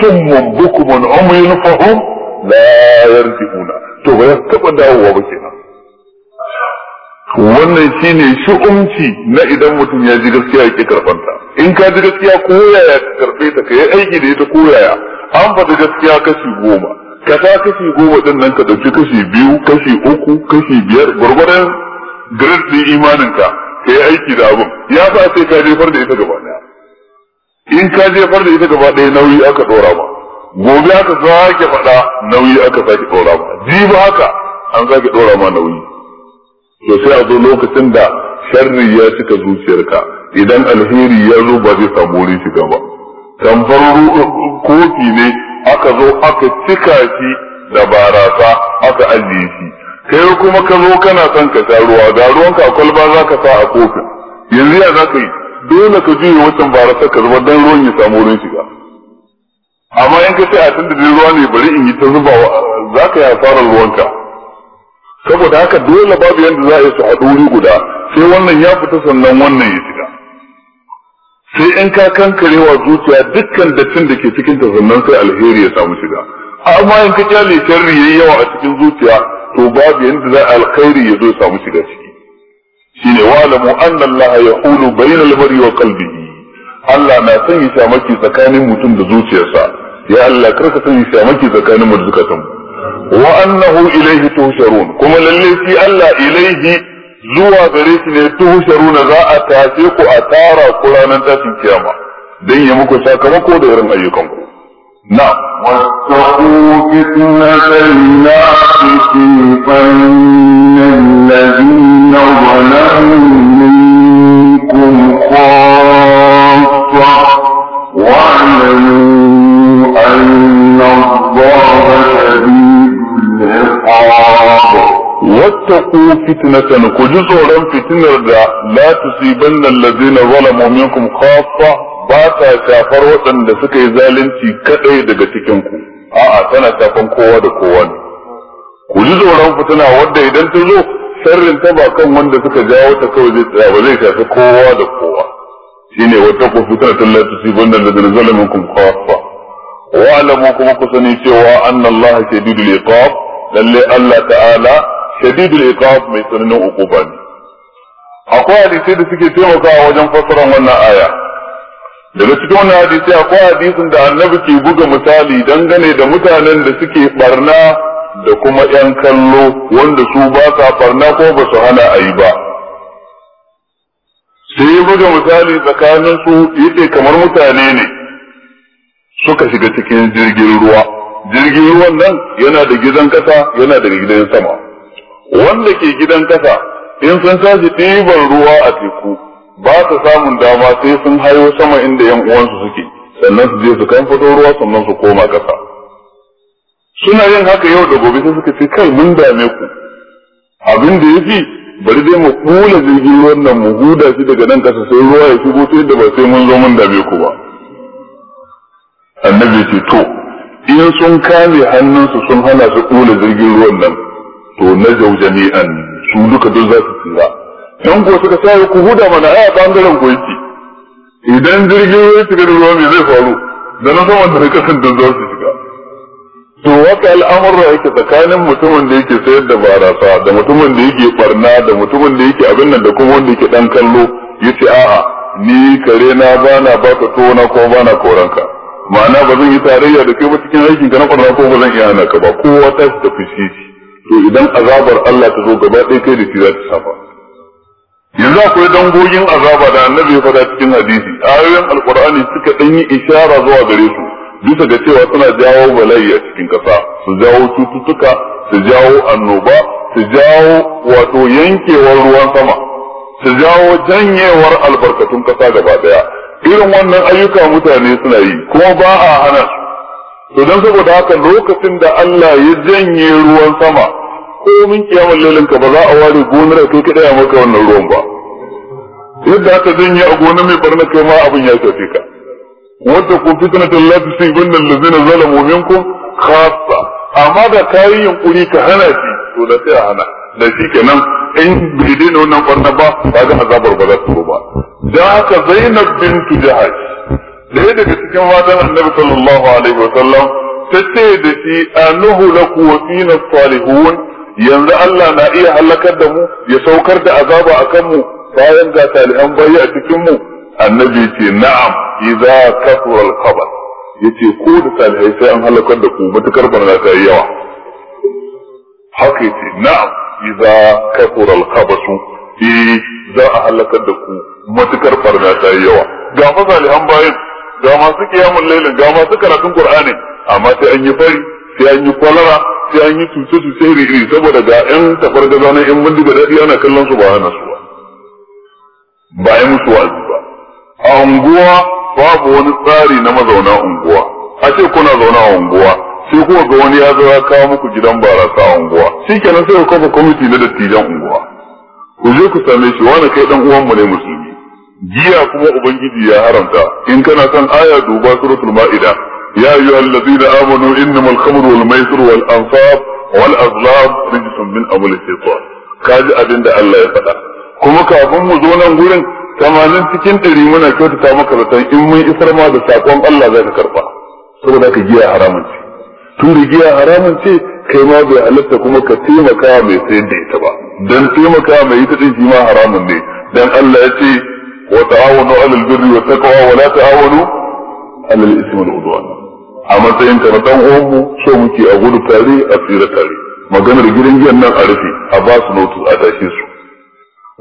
summun bukumun umyun fahum la yarji'una to ba za su taba dawowa ba kenan wannan shine shi'umci na idan mutum ya ji gaskiya yake karfanta in ka ji gaskiya ko yaya ka karfe ta ka yi aiki da ita ko yaya an faɗi gaskiya kashi goma ka sa kashi goma din nan ka ɗauki kashi biyu kashi uku kashi biyar gwargwaran grade din imanin ka yi aiki da abin ya sa sai ka jefar da ita gaba daya in ka jefar da ita gaba daya nauyi aka dora ma gobe aka sake faɗa nauyi aka sake dora ma ba haka an sake dora ma nauyi to sai a zo lokacin da sharri ya cika zuciyarka idan alheri ya zo ba zai samu wurin shiga ba tamfar kofi ne aka zo aka cika shi da barasa aka ajiye shi kai kuma ka zo kana son ka sha ruwa ga ruwanka a kwalba za ka sa a kofin yanzu ya za ka yi dole ka juye wancan barasa ka zuba dan ruwan ya samu wurin shiga amma in ka ce a tun da ruwa ne bari in yi ta zubawa za ka yi asarar ruwanka saboda haka dole babu yadda za a yi su haɗu wuri guda sai wannan ya fita sannan wannan ya sai in ka kankare wa zuciya dukkan dattin da ke cikin ta sannan sai alheri ya samu shiga amma in ka kyale sharri yayi yawa a cikin zuciya to babu yanda za alkhairi ya zo ya samu shiga ciki shine lamu anna allaha yahulu al mar'i wa qalbihi Allah na son ya shamaki tsakanin mutum da zuciyarsa ya Allah karka son ya shamaki tsakanin mu da zukatan wa annahu ilayhi tuhsharun kuma lalle shi Allah ilayhi zuwa gare shi ne tuhu sharuna za a tafe ku a tara ku ranar tashin kiyama don ya muku sakamako da irin ayyukanku na واتقوا فتنة لا تصيبن الذين ظلموا منكم خاصة tattaku fitnatan ku ji tsoron fitinar da latusi, tusibanna alladhina zalamu minkum khassa ba ta shafar waɗanda suka yi zalunci kadai daga cikin ku a'a tana shafar kowa da kowa ku ji tsoron fitina wanda idan ta zo sharrin ta ba kan wanda suka jawo ta kawai zai tsaya ba zai shafi kowa da kowa shine wata ku fitnatan la tusibanna alladhina zalamu minkum khassa wa'lamu kuma ku sani cewa annallaha shadidul iqab lalle Allah ta'ala shadidul iqab mai tsananin uquba ne akwai hadisi da suke taimakawa wajen fassara wannan aya daga cikin wannan hadisi akwai hadisin da annabi ke buga misali dangane da mutanen da suke barna da kuma yan kallo wanda su ba sa barna ko ba su hana a yi ba sai buga misali tsakanin su yace kamar mutane ne suka shiga cikin jirgin ruwa jirgin ruwan nan yana da gidan kasa yana da gidan sama wanda ke gidan kasa in sun sashi ɗiban ruwa a teku ba su samun dama sai sun hayo sama inda yan uwansu suke sannan su je su kan fito ruwa sannan su koma kasa suna yin haka yau da gobe sai suka ce kai mun dame ku abin da yafi bari dai mu kula jirgin ruwan nan mu huda shi daga nan kasa sai ruwa ya shigo ta yadda ba sai mun zo mun dame ku ba annabi ce to in sun kame hannunsu sun hana su kula jirgin ruwan nan to na jami'an su duka duk za su tsira Yan kuwa suka sai ku huda mana a bangaren ku idan jirgin ya shiga da ruwa mai zai faru da na saman da kasan da za su shiga to waka al'amurra yake tsakanin mutumin da yake sayar da barasa da mutumin da yake barna da mutumin da yake abin nan da kuma wanda yake dan kallo yace a'a ni kare na bana baka tona ko bana koranka ma'ana ba zan yi tarayya da kai ba cikin aikin ka na barna ko ba zan iya hana ka ba kowa ta tafi shi to idan azabar Allah ta zo gaba ɗaya kai da shi za ta safa yanzu akwai dangogin azaba da annabi ya faɗa cikin hadisi ayoyin alqur'ani suka ɗan yi ishara zuwa gare su bisa ga cewa suna jawo bala'i a cikin ƙasa su jawo cututtuka su jawo annoba su jawo wato yankewar ruwan sama su jawo janyewar albarkatun ƙasa gaba ɗaya irin wannan ayyuka mutane suna yi kuma ba a hana su to don saboda haka lokacin da Allah ya janye ruwan sama komin kiyamar lalinka ba za a ware gonar a kai kaɗai a maka wannan ruwan ba yadda aka janye a gonar mai barna kai ma abin ya shafe ka wadda ku fitnatul la tusibanna allazina zalamu minkum khassa amma da kayi yunkuri ka hana shi to da sai a hana da shi kenan in bai daina wannan barna ba ba ga azabar ba za su ba da haka Zainab bintu Jahash da daga cikin matan Annabi sallallahu alaihi wasallam tace da shi anuhu laku wa fina salihun yanzu Allah na iya halakar da mu ya saukar da azaba a kanmu bayan ga talihan bayi a cikinmu. annabi ce na'am iza kafural al Ya yace ko da talihai sai an halakar da ku matukar barna ta yi yawa haka yace na'am iza kafural al su, eh za a halakar da ku matukar barna ta yi yawa ga fa talihan bayin ga masu kiyamun lailin ga masu karatun qur'ani amma sai an yi fari sai an yi kwalara sai an yi cuce cuce iri iri saboda ga yan gaza na yan bindiga daɗi ana kallon su ba hana su ba ba ya musu wa'azi ba a unguwa babu wani tsari na mazauna unguwa a ce kuna zauna a unguwa sai kuma ga wani ya zo ya kawo muku gidan barasa a unguwa shi kenan sai ku kafa kwamiti na dattijan unguwa ku je ku same shi wani kai dan uwan mu ne musulmi Jiya kuma ubangiji ya haramta in kana son aya duba suratul ma'ida يا أيها الذين آمنوا إنما الخمر والميسر والأنصاب والأظلام رجس من أمل الشيطان kaji abin da Allah ya faɗa kuma kafin mu zo nan gurin tamanin cikin ɗari muna kyautata maka zaton in mun isar ma da sakon Allah za ka karɓa saboda ka giya haramun ce tun da giya haramun ce kai ma bai halatta kuma ka taimaka mai sayar da ita ba dan taimaka mai ita din shi haramun ne dan Allah ya ce wa ta'awanu alal birri wa taqwa wa la ta'awanu alal ismi a matsayin ka na dan uwanmu so muke a gudu tare a tsira tare maganar gidan giyan nan a rufe a ba su notu a tashe su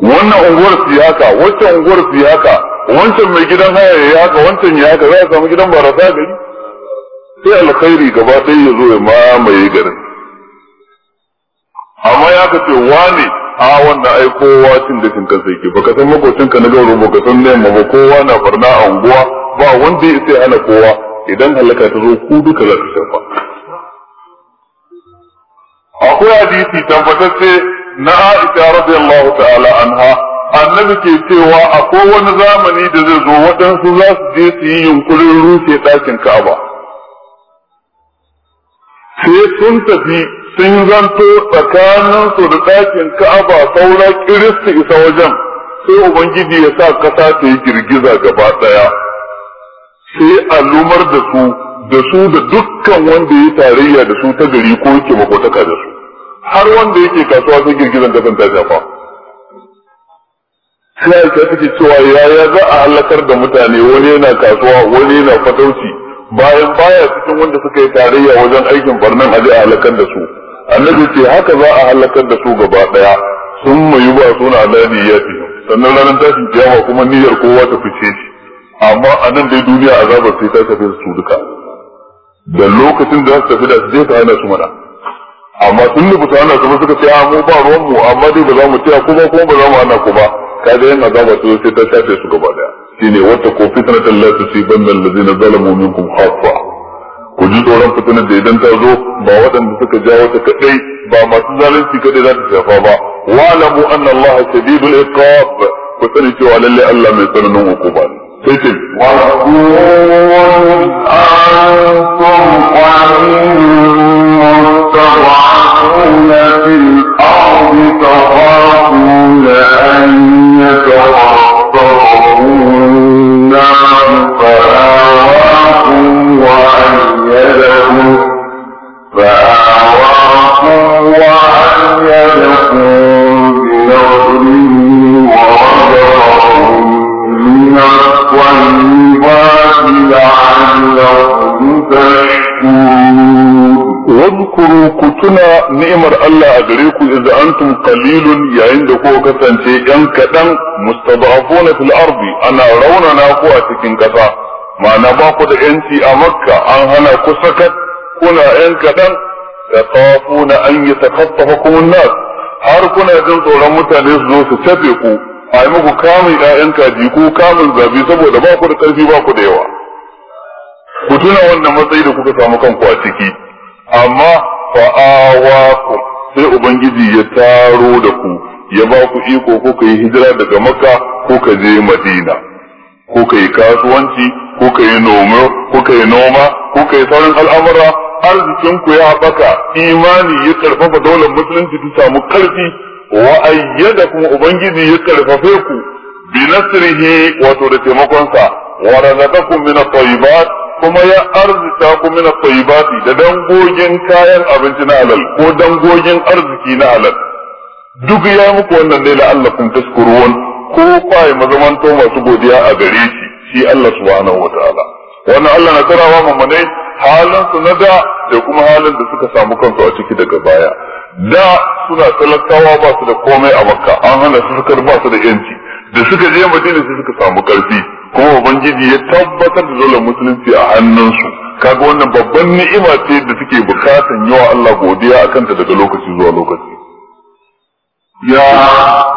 wannan unguwar su haka wancan unguwar su haka wancan mai gidan haya ya haka wancan ya haka za a samu gidan barasa gari sai alkhairi gaba ɗaya ya zo ya mamaye garin amma ya ka ce wane a wannan ai kowa cin dashin kansa yake baka san makocinka na gauro baka san na yamma ba kowa na barna a unguwa ba wanda ya sai ana kowa idan halaka ta zo ku duka za ku shafa akwai hadisi tabbatacce na Aisha radiyallahu ta'ala anha annabi ke cewa akwai wani zamani da zai zo waɗansu za su je su yi yunkurin rufe ɗakin Ka'aba sai sun tafi sun zanto tsakanin su da ɗakin Ka'aba saura kiristi isa wajen sai Ubangiji ya sa ƙasa ta yi girgiza gaba ɗaya sai a lumar da su da su da dukkan wanda ya tarayya da su ta gari ko yake makotaka da su har wanda yake kasuwa sai girgizan kasan ta shafa sai aisha take cewa yaya za a halakar da mutane wani yana kasuwa wani yana fatauci bayan baya cikin wanda suka yi tarayya wajen aikin barnan aje a halakar da su annabi ce haka za a halakar da su gaba daya sun mayu ba suna alani ya fi sannan ranar tashin kiyama kuma niyyar kowa ta fice shi amma a nan dai duniya azabar sai ta tafi su duka da lokacin da za su tafi da zai ta hana su mana amma sun nufi ta hana su ba suka ce a mu ba ruwan mu amma dai ba za mu taya kuma kuma ba za mu hana ku ba ka ga yin azabar su sai ta shafe su gaba daya shine wata ko fitnatan la tusibanna allazina zalamu kun hafa ku ji tsoron fitinar da idan ta zo ba waɗanda suka jawo ta kaɗai ba masu zalunci kaɗai za ta shafa ba wa'lamu anna allaha shadidul iqab ku sani cewa lalle Allah mai tsananin hukuma ne فتن واذكروا أنتم قليل مستضعفون في الأرض تخافون أن يتخطفكم الناس فآواكم وأيدكم فآواكم وأيدكم بنصره ورزقكم من واذكروا كتنا نعمر الله أدريكم إذا أنتم قليل يا كوكا سنتي أن مستضعفون في الأرض أنا رونا ناقوة أتكين كتا ما نباقد أنتي أمكة أن هنا كسكت كنا أن كتن تخافون أن يتخطفكم الناس har kuna رمتا tsoron mutane a yi muku kamun ƴaƴan kaji ko kamun zabi saboda ba ku da ƙarfi ba ku da yawa ku tuna wannan matsayi da kuka samu kanku a ciki amma ku sai ubangiji ya taro da ku ya ba ku iko ko ka hijira daga makka ko ka je madina ko ka kasuwanci ko ka noma ko ka yi noma sauran al'amura arzikin ku ya haɓaka imani ya karfafa daular musulunci ta samu karfi wa kuma ubangiji ya karfafe ku bi nasrihi wato da taimakonsa wa razaqakum min at-tayyibat kuma ya arzita ku min at-tayyibat da dangogin kayan abinci na halal ko dangogin arziki na alal, duk ya muku wannan ne la'allakum tashkurun ko kai to masu godiya a gare shi shi Allah subhanahu wataala wannan Allah na karawa mamanai halin su na da da kuma halin da suka samu kansu a ciki daga baya da suna talakawa ba su da komai a makka an hana su suka ba su da yanci da suka je madina su suka samu karfi kuma ubangiji ya tabbatar da dole musulunci a hannunsu kaga wannan babban ni'ima ce da suke bukatan yawa Allah godiya a kanta daga lokaci zuwa lokaci ya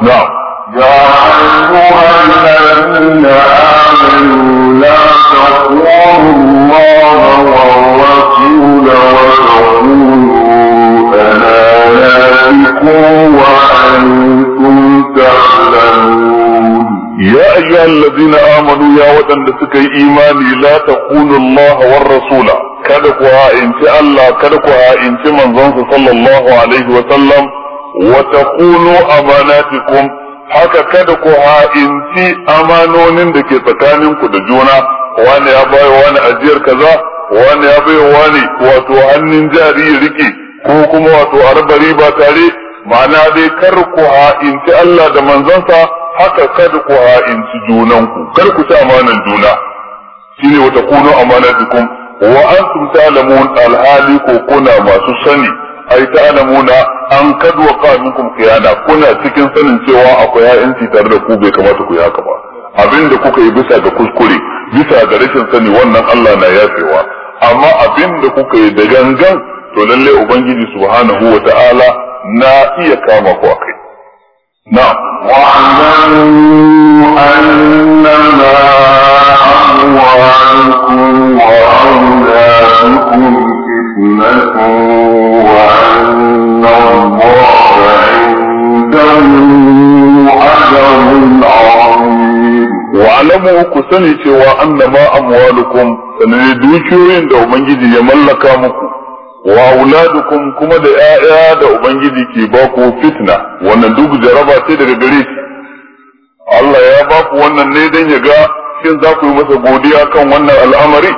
na'am يا أيها الذين آمنوا لا تقولوا الله والرسول ضلالكم وأنتم تعلمون يا أيها الذين آمنوا يا ودن imani إيماني لا تقولوا الله والرسول kada ku ha'inci Allah kada ku ha'inci manzonsa sallallahu alaihi wa sallam wa haka kada ku ha'inci amanonin da ke tsakaninku da juna wani ya bai wani ajiyar kaza wani ya bai wani wato hannun jari rike ko kuma wato a ba tare ma'ana dai kar ku ha'inci Allah da manzansa haka kar ku ha'inci junanku kar ku ci amanan juna Shi ne wata kunu amanatukum wa an sun ta'lamun alhali ko kuna masu sani ai ta'lamuna an kadwa waqa kuma khiyana kuna cikin sanin cewa akwai 'ya'yanci tare da ku bai kamata ku yi haka ba Abin da kuka yi bisa ga kuskure bisa ga rashin sani wannan Allah na yafewa amma abin da kuka yi da gangan to lalle ubangiji subhanahu wa ta'ala na iya kama ku akai na wa annama amwalukum wa awladukum fitnatun wa ku sani cewa annama amwalukum sanan dukiyoyin da ubangiji ya mallaka muku wa auladukum kuma da 'ya'ya da ubangiji ke ba ku fitna wannan duk jaraba ce daga gare shi Allah ya ba ku wannan ne dan ya ga shin za ku yi masa godiya kan wannan al'amari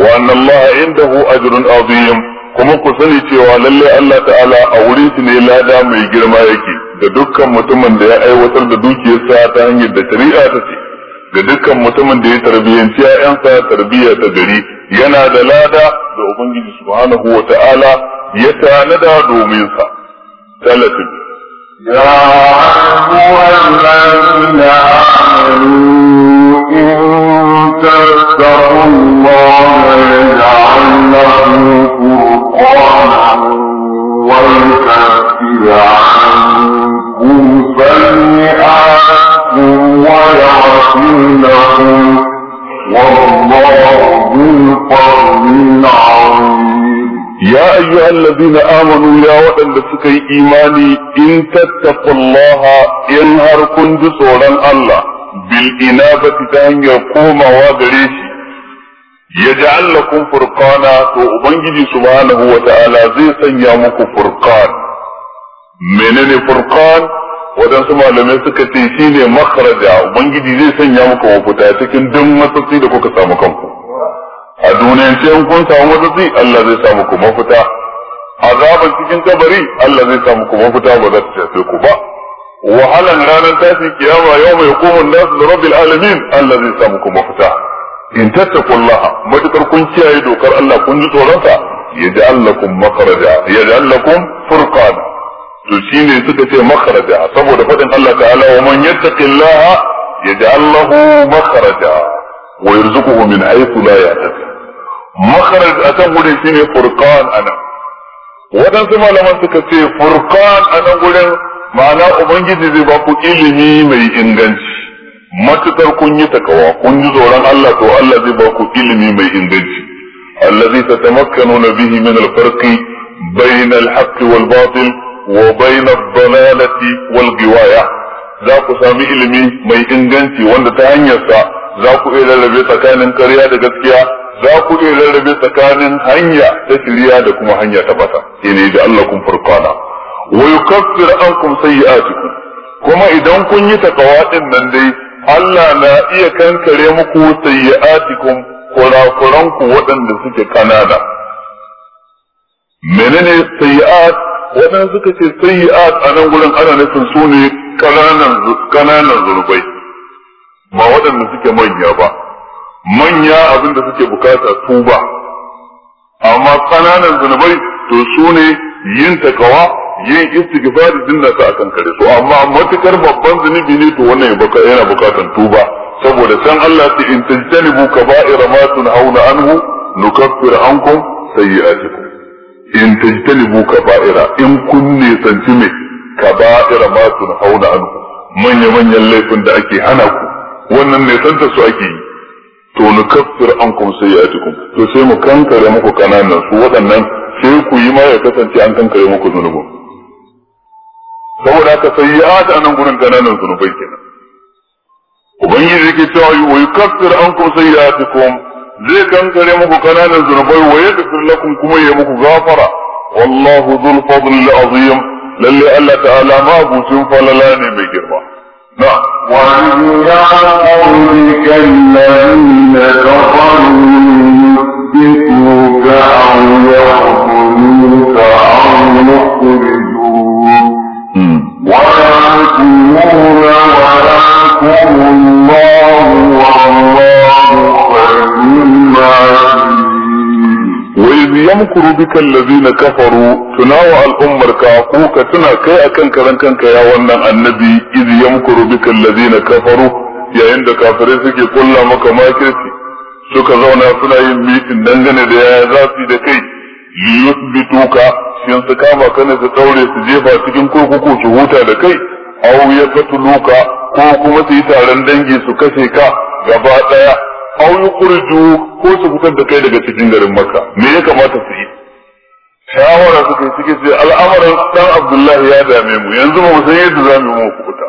wa anna Allah indahu ajrun azim kuma ku sani cewa lalle Allah ta'ala a wurin shi ne lada mai girma yake da dukkan mutumin da ya aiwatar da dukiyarsa ta hanyar da shari'a ta ce da dukkan mutumin da ya tarbiyyanci 'ya'yansa tarbiyya ta gari yana da lada da ubangiji subhanahu wa ta'ala ya tanada domin sa talatin ya ayyuhallazina amanu in tattaqullaha yaj'al lakum furqanan wa yukaffir يا أيها الذين آمنوا يا وأن سكي إيماني إن تتقوا الله إن هركن بصورا الله بالإنابة تهن يقوم وادريش يجعل لكم فرقانا وأبنجي سبحانه وتعالى زي سنيامك فرقان منين فرقان waɗansu malamai suka ce shi ne makaraja ubangiji zai sanya muku mafita cikin duk matsatsi da kuka samu kanku a duniyance in kun samu matsatsi Allah zai samu muku mafita azaban cikin kabari Allah zai samu ku mafita ba za ta shafe ku ba wahalan ranar tashin kiyama yau mai hukumar nasu da rabbil alamin Allah zai samu muku mafita in tattakullaha matukar kun kiyaye dokar Allah kun ji tsoronsa yaj'al lakum makhraja yaj'al furqan to ne suka ce makharaja saboda faɗin Allah ta'ala wa man yattaqillaha yaj'al lahu makharaja wa yarzuquhu min haythu la yahtasib makharaj akan gurin shine furqan anan wadansu malaman suka ce furqan anan gurin ma'ana ubangiji zai ba ku ilimi mai inganci matukar kun yi takawa kun yi tsoron Allah to Allah zai ba ku ilimi mai inganci allazi tatamakkanuna bihi min al-farqi bayna al-haqqi batil wa bayna dalalati wal giwaya za ku sami ilimi mai inganci wanda ta hanyarsa za ku iya rarrabe tsakanin karya da gaskiya za ku iya rarrabe tsakanin hanya ta shirya da kuma hanya ta bata shine da Allah kun furkana wa yukaffir ankum sayyi'atikum kuma idan kun yi takawa din nan dai Allah na iya kankare muku sayyi'atikum kurakuranku waɗanda suke ƙanana. menene sayyi'at wannan suka ce sai a nan gurin ana nufin su ne ƙananan zunubai ba waɗanda suke manya ba manya abin da suke bukata tuba amma ƙananan zunubai to su ne yin takawa yin istighfar din da ta akan kare su amma matukar babban zunubi ne to wannan yana bukatan tuba saboda san Allah ta in tajtanibu kaba'ira ma auna anhu nukaffir ankum sayyi'atikum in tajtanibu kaba'ira in kun nisanci mai kaba'ira ma sun hauna an manya-manyan laifin da ake hana ku wannan ne santa su ake yi to ni kafir an ya sayyi'atikum to sai mu kankare muku kananan su waɗannan sai ku yi ma ya kasance an kankare muku zunubin saboda haka ta nan gurin kananan zunubai kenan ubangiji yake cewa wa yukaffir an kum sayyi'atikum zai kankare muku kananan zunubai wa yaghfir lakum kuma ya muku gafara wallahu dhul fadl azim lalle Allah ta'ala ma abucin falala ne mai girma نعم وإذ يعقل بك الذين كفروا يثبتوك أو yamkuru bika allazina kafaru tunawa al'ummar ka ko ka tuna kai akan karan kanka ya wannan annabi iz yamkuru bika allazina kafaru yayin da kafirai suke kulla maka makirci suka zauna suna yin mitin dangane da yaya zafi da kai liyusbituka shin su kama ka ne su daure su jefa cikin kurkuku su huta da kai aw fatuluka ko kuma su yi taron dangi su kashe ka gaba daya aw kurju ko su fitar da kai daga cikin garin makka me ya kamata su yi shawara suke, suke ce al'amarin dan abdullahi ya dame mu yanzu ba mu san yadda za mu yi fita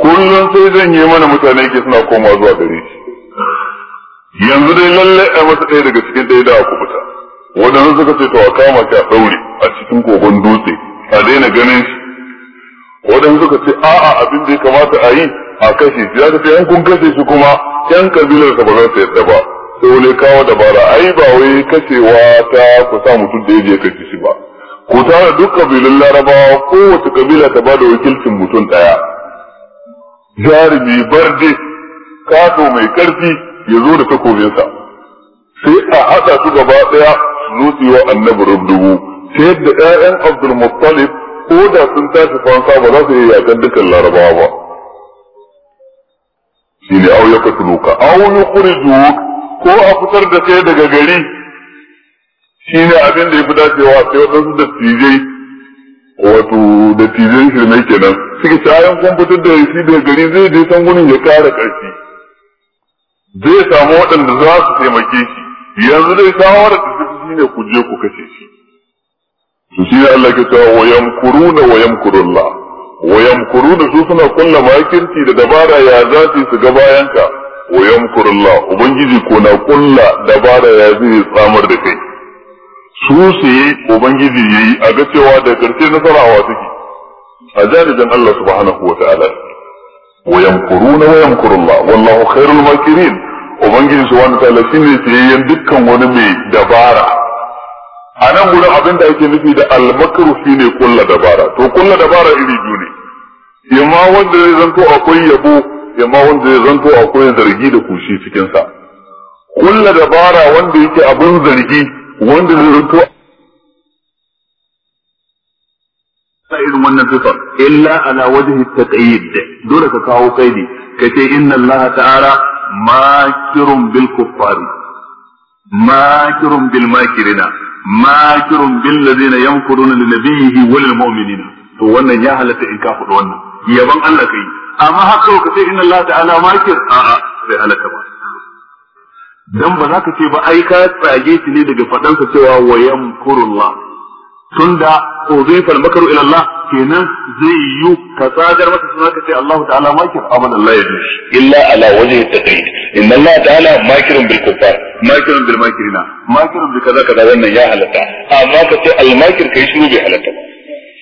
kullum sai zan yi mana mutane ke suna koma zuwa gare shi yanzu dai lalle a wata ɗaya daga cikin ɗaya da ku fita suka ce to a kama shi a ɗaure a cikin kogon dutse a daina ganin shi Wadannan suka ce a'a abin da ya kamata a yi a kashe shi ya tafi an kun kashe shi kuma yan kabilar ka ba za su yadda ba sai wani kawo dabara ai ba wai kashewa ta ku sa mutum da ya kace shi ba ku tara duk kabilun larabawa kowace kabila ta ba da wakilcin mutum daya jarumi barde kado mai karfi ya zo da takobinsa sai a haɗa su gaba ɗaya su zo wa annabi rubdubu sai yadda 'ya'yan abdul muttalib ko da sun tashi fansa ba za su iya yakan dukkan larabawa ba shine au yaqtuluka au yukhrijuk ko a fitar da kai daga gari shine abin da ya yafi dacewa sai wadansu da tijai wato da tijai shi ne kenan suke tsayan kun fitar da shi daga gari zai je san ya kara karfi zai samu waɗanda za su taimake shi yanzu dai shawara da duk ne ku je ku kashe shi to Allah ke cewa wa yamkuruna wa yamkurullah wa da su suna kulla makirci da dabara ya za su su ga bayanka wa yamkurullah ubangiji ko na kulla dabara ya zai samar da kai su su yi ubangiji yayi a ga cewa da karshe nasarawa take a jadijin Allah subhanahu wa ta'ala wa yamkuruna wa yamkurullah wallahu khairul makirin ubangiji subhanahu wa ne sai tsayayyen dukkan wani mai dabara a nan gurin abin da ake nufi da almakaru shi ne kulla dabara to kulla dabara iri biyu ne imma wanda zai zanto akwai yabo imma wanda zai zanto akwai zargi da kushi cikinsa kulla dabara wanda yake abin zargi wanda zai zanto irin wannan sifar illa ala wajhi taqyid dole ka kawo kaidi kace inna allaha ta'ala makirun bil kuffari makirun bil makirina makirun bil ladina yamkuruna li nabiyhi wal mu'minina to wannan ya halatta in ka faɗi wannan yaban Allah kai amma haka ka ce inna Allah ta'ala makir a'a bai halatta ba dan ba za ka ce ba ai ka tsage shi ne daga faɗansa cewa wa yamkurullah tunda uzaifal makaru ila Allah kenan zai yi ka tsagar masa suna ka ce Allah ta'ala makir illa ala bil kuffar makirin bil makirina makirin bi kaza kaza wannan ya halatta amma ka ce al makir kai shiru bai halatta ba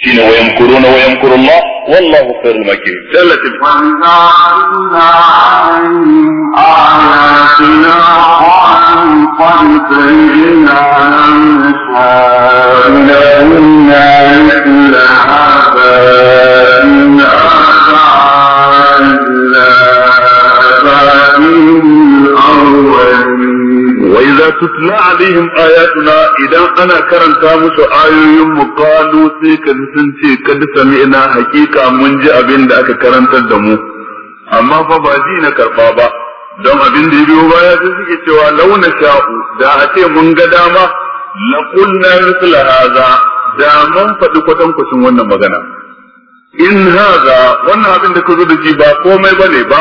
shine wa yamkuruna wa yamkuru Allah wallahu khairul makirin sallatin fa inna ayatina qalu qad sayyidina nasana inna ila hada inna ila idza tutla alaihim ayatuna idan ana karanta musu ayoyin mu qalu sai ka sun ce kad sami'na haqiqa mun ji abin da aka karantar da mu amma fa ba ji na karɓa ba don abin da ya biyo baya sai suke cewa launa sha'u da a ce mun ga dama la qulna mithla hadha da mun faɗi kwatankwacin wannan magana in hadha wannan abin da ka zo da ji ba komai bane ba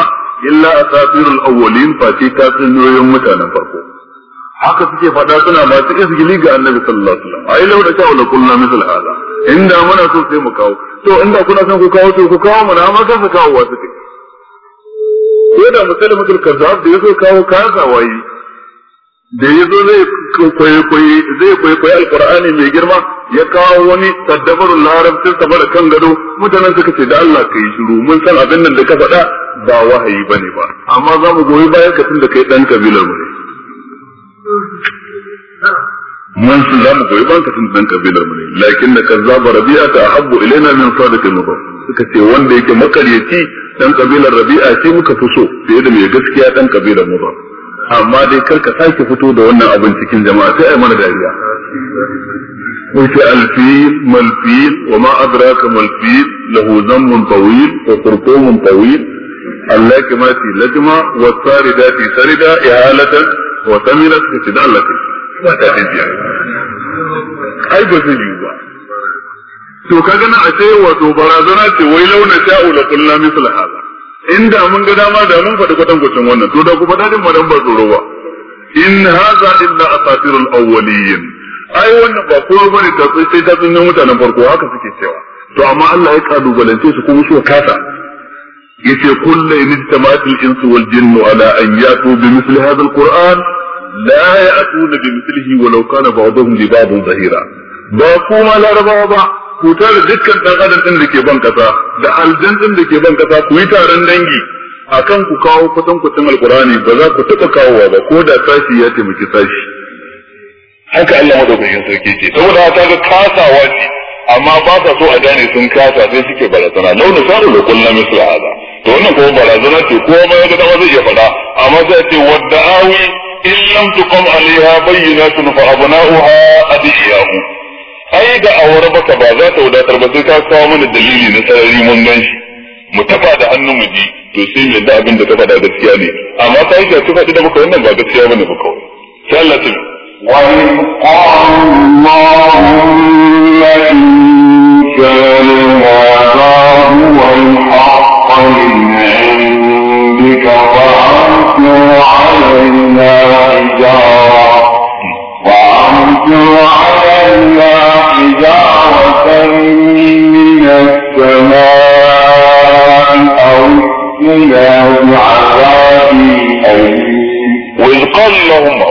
illa asatirul awwalin fa ce tatsuniyoyin mutanen farko haka suke faɗa suna masu izgili ga annabi sallallahu alaihi wasallam ai lau da kawo la kullu misal hada inda muna so sai mu kawo to inda kuna son ku kawo to ku kawo mu na ma ka su kawo wasu kai ko da musalmatul kazzab da yaso kawo kasa wayi da yazo zai kwaikwayi zai kwaikwayi alqur'ani mai girma ya kawo wani tadabbarul larabcin sa bar kan gado mutanen suka ce da Allah kai shiru mun san abin nan da ka faɗa ba wahayi bane ba amma za mu goyi bayan ka tun da kai dan kabilar mu ne mun sun zamu koyi banka tun dan kabilar mu ne lakin da kazzaba rabi'a ta ahabbu ilaina min sadiqin mudaf suka ce wanda ya yake makaryaci dan kabilar rabi'a ce muka fi so fiye da mai gaskiya dan kabilar ba, amma dai kar ka sake fito da wannan abin cikin jama'a sai ai mana dariya wace alfil malfil wa ma adraka malfil lahu zammun tawil wa qurqumun tawil allaki ma fi lajma wa wa samira suka ce da Allah kai ba ta ce biya ai ba zai yi ba to ka gana a ce wato barazana ce wai launa sha'u la kullu misl hada inda mun ga dama da mun faɗi kwatan kwatan wannan to da ku faɗa din madan ba tsoro ba in hadha illa asatirul awwaliyin ai wannan ba kowa bane ta sai ta tsinnin mutanen farko haka suke cewa to amma Allah ya kalubalance su kuma su kasa yace kullu in tamatil insu wal jinnu ala an yatu bi misli hadha al qur'an لا يأتون بمثله ولو كان بعضهم لبعض ظهيرا ba'dhin zahira ba kuma larabawa ba ku tare dukkan dan adam din da ke ban da aljan da ke ban kasa ku yi taron dangi akan ku kawo kwatan kwatan alqur'ani ba za ku taba kawowa ba ko da sashi ya taimaki sashi haka Allah madaukakin sarki ce saboda ta ga kasawa ce amma ba sa so a gane sun kasa sai suke barazana launa saru da kullu to wannan kuma barazana ce kowa ma ya dama zai iya faɗa amma sai ce wadda awi in lam tuqam alaiha bayyinatun fa abna'uha adiyahu ai da awara baka ba za ta wadatar ba sai ka kawo mana dalili na sarari mun gan shi mu tafa da hannu mu ji to sai mu da abin da ka faɗa gaskiya ne amma sai ka tuka da baka wannan ba gaskiya bane ba kawai sai Allah ta وإذ قال اللهم إن كان هذا هو الحق من عندك a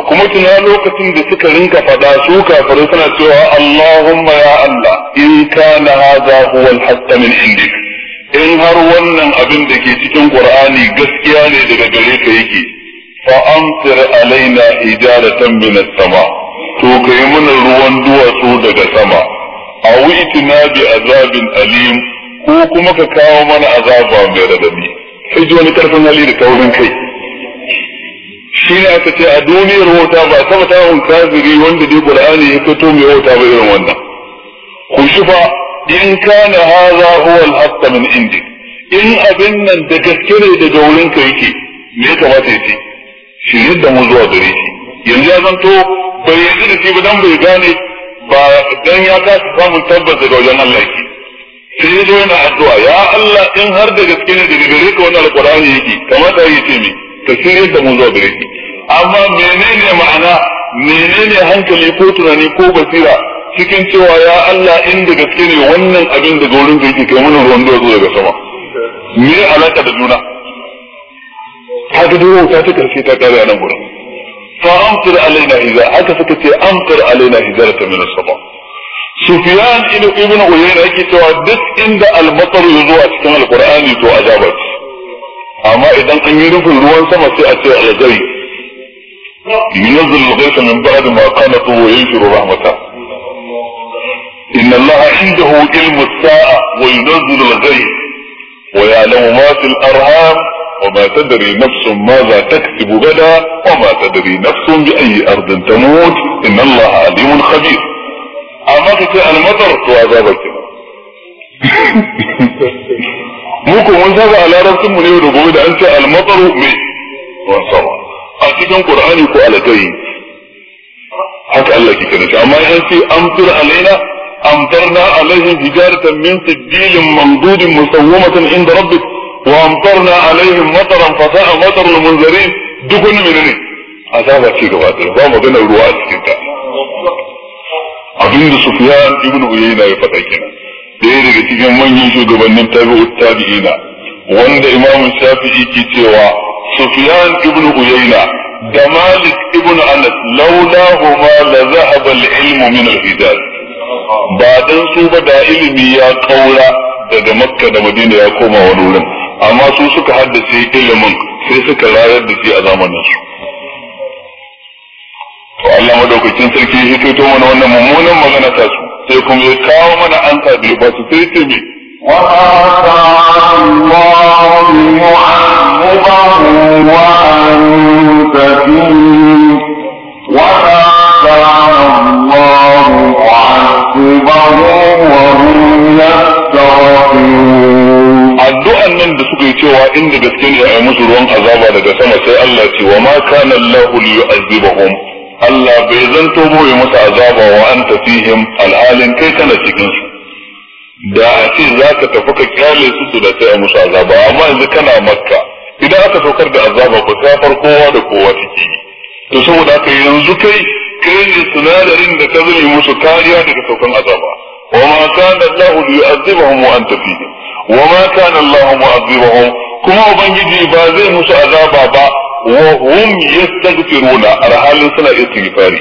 kuma tuna lokacin da suka rinka fada su kafiru suna cewa Allahumma ya Allah in kana hadha huwa al-haqq min in har wannan abin da ke cikin ƙur'ani gaskiya ne daga gare ka yake fa amtir alaina hijaratan min sama to yi mana ruwan duwatsu daga sama aw na bi azabin alim ko kuma ka kawo mana azaba mai radadi kai ji wani karfin hali da taurin kai shi ne aka ce a duniyar wauta ba sama ta hun kaziri wanda dai qur'ani ya fito mai wata ba irin wannan ku fa in kana hadha huwa al-haqq min indik in abin nan da gaske ne daga ka yake me ya kamata ya ce shi yadda mu zuwa gare shi yanzu ya zanto bai yanzu da shi ba dan bai gane ba dan ya kasa samun tabbas daga wajen Allah yake sai ya zo yana addu'a ya Allah in har da gaske ne daga gare ka wannan alqur'ani yake kamata ya ce me ka shi yadda mu zuwa gare shi amma menene ma'ana menene hankali ko tunani ko basira cikin cewa ya Allah in da gaske ne wannan abin da wurin da yake kai mana ruwan da daga sama me alaka da juna haka dai wauta ta karshe ta kare a nan gurin fa amtir alaina hiza haka suka ce amtir alaina hijarata min as-sama sufyan ibn ibn uyayna yake cewa duk inda al-matar yazo a cikin al-qur'ani to azaba amma idan an yi rufin ruwan sama sai a ce al-ghayb ينزل الغيث من بعد ما قنطه وينشر رحمته إن الله عنده علم الساعة وينزل الغيث ويعلم ما في الأرهام وما تدري نفس ماذا تكسب غدا وما تدري نفس بأي أرض تموت إن الله عليم خبير أمتك المطر وعذابك [laughs] موكو من هذا على رأس المنير يقول إذا أنت المطر مي وصوى أكيدا قرآن يقول على كي حتى الله كي كنت أما ينسي أمطر علينا أمطرنا عليهم هجارة من سجيل ممدود مسومة عند ربك wa amtarna alaihim mataran fa sa'a matarul munzirin duk wani menene azaba ce gaba da ba maganar ruwa a cikin ta abinda sufyan ibn uyayna ya faɗa kenan ɗaya daga cikin manyan shugabannin tabi'ut tabi'ina wanda imam shafi'i ke cewa sufyan ibn uyayna da malik ibn anas laulahuma la zahaba al-ilmu min ba dan su ba da ilimi ya kaura daga makka da madina ya koma wani wurin amma su suka haddace ilimin sai suka rayar da shi a zamanin su to Allah madaukakin sarki ya hito mana wannan mummunan magana ta su sai kuma ya kawo mana an tabi ba su sai ce me وما كان الله معذبهم wa يستغفرون addu'an nan da suka yi cewa inda gaske ne a musu ruwan azaba daga sama sai Allah ce wa ma kana Allahu liyu'azzibahum Allah bai zanto boye musu azaba wa anta fihim alhalin kai kana cikin su da a ce za ka tafi ka kyale su su da sai a musu azaba amma yanzu kana makka idan aka saukar da azaba ku safar kowa da kowa ciki to saboda haka yanzu kai kai ne sinadarin da ka zame musu kariya daga saukan azaba wa ma kana Allahu liyu'azzibahum wa anta fihim wa ma kana Allahu mu'azzibahum kuma ubangiji ba zai musu azaba ba wa hum yastaghfiruna arhalin suna istighfari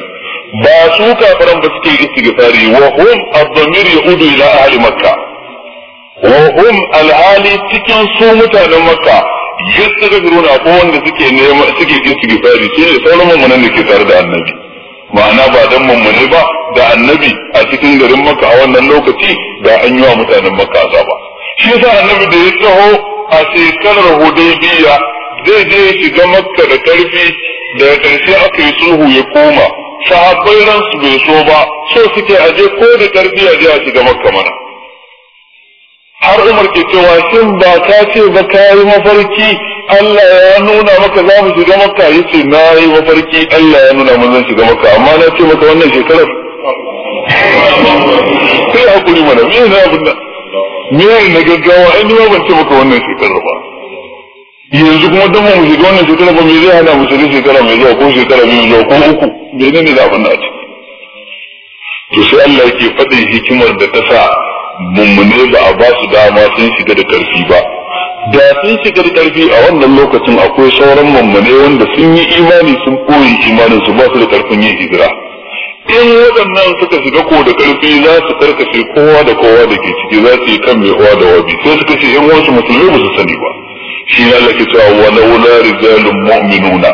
ba su kafiran ba suke istighfari wa hum ad-damir yaudu ila ahli makka wa hum al-hali cikin su mutanen makka yastaghfiruna ko wanda suke nema suke istighfari sai sauran mummunan da ke tare da annabi ma'ana ba dan mummune ba da annabi a cikin garin makka a wannan lokaci da an yi wa mutanen makka ba. shi yasa annabi da ya taho a shekarar hudaybiya zai je shiga makka da karfi da karshe aka yi sulhu ya koma sahabbai ransu bai so ba so suke a je ko da karfi je a shiga makka mana har umar ke cewa shin ba ka ce ba ka yi mafarki Allah ya nuna maka za mu shiga makka yace na yi mafarki Allah ya nuna mun zan shiga makka amma na ce maka wannan shekarar sai hakuri mana me ne abin nan yawan na gaggawa ai ni ban ce maka wannan shekarar ba yanzu kuma dan mu shiga wannan shekarar ba me zai hana mu shiga shekara mai zuwa ko shekara mai zuwa ko uku menene da abin da a ciki to sai Allah yake faɗin hikimar da ta sa mummune ba a ba su dama sun shiga da ƙarfi ba da sun shiga da ƙarfi a wannan lokacin akwai sauran mummune wanda sun yi imani sun koyi imanin su ba su da ƙarfin yin hijira in waɗannan suka shiga ko da ƙarfi za su karkashe kowa da kowa da ke ciki za su yi kan mai uwa da wabi sai suka ce yan wasu musulmi ba su sani ba shi ne Allah ke cewa wa laula rijalun mu'minuna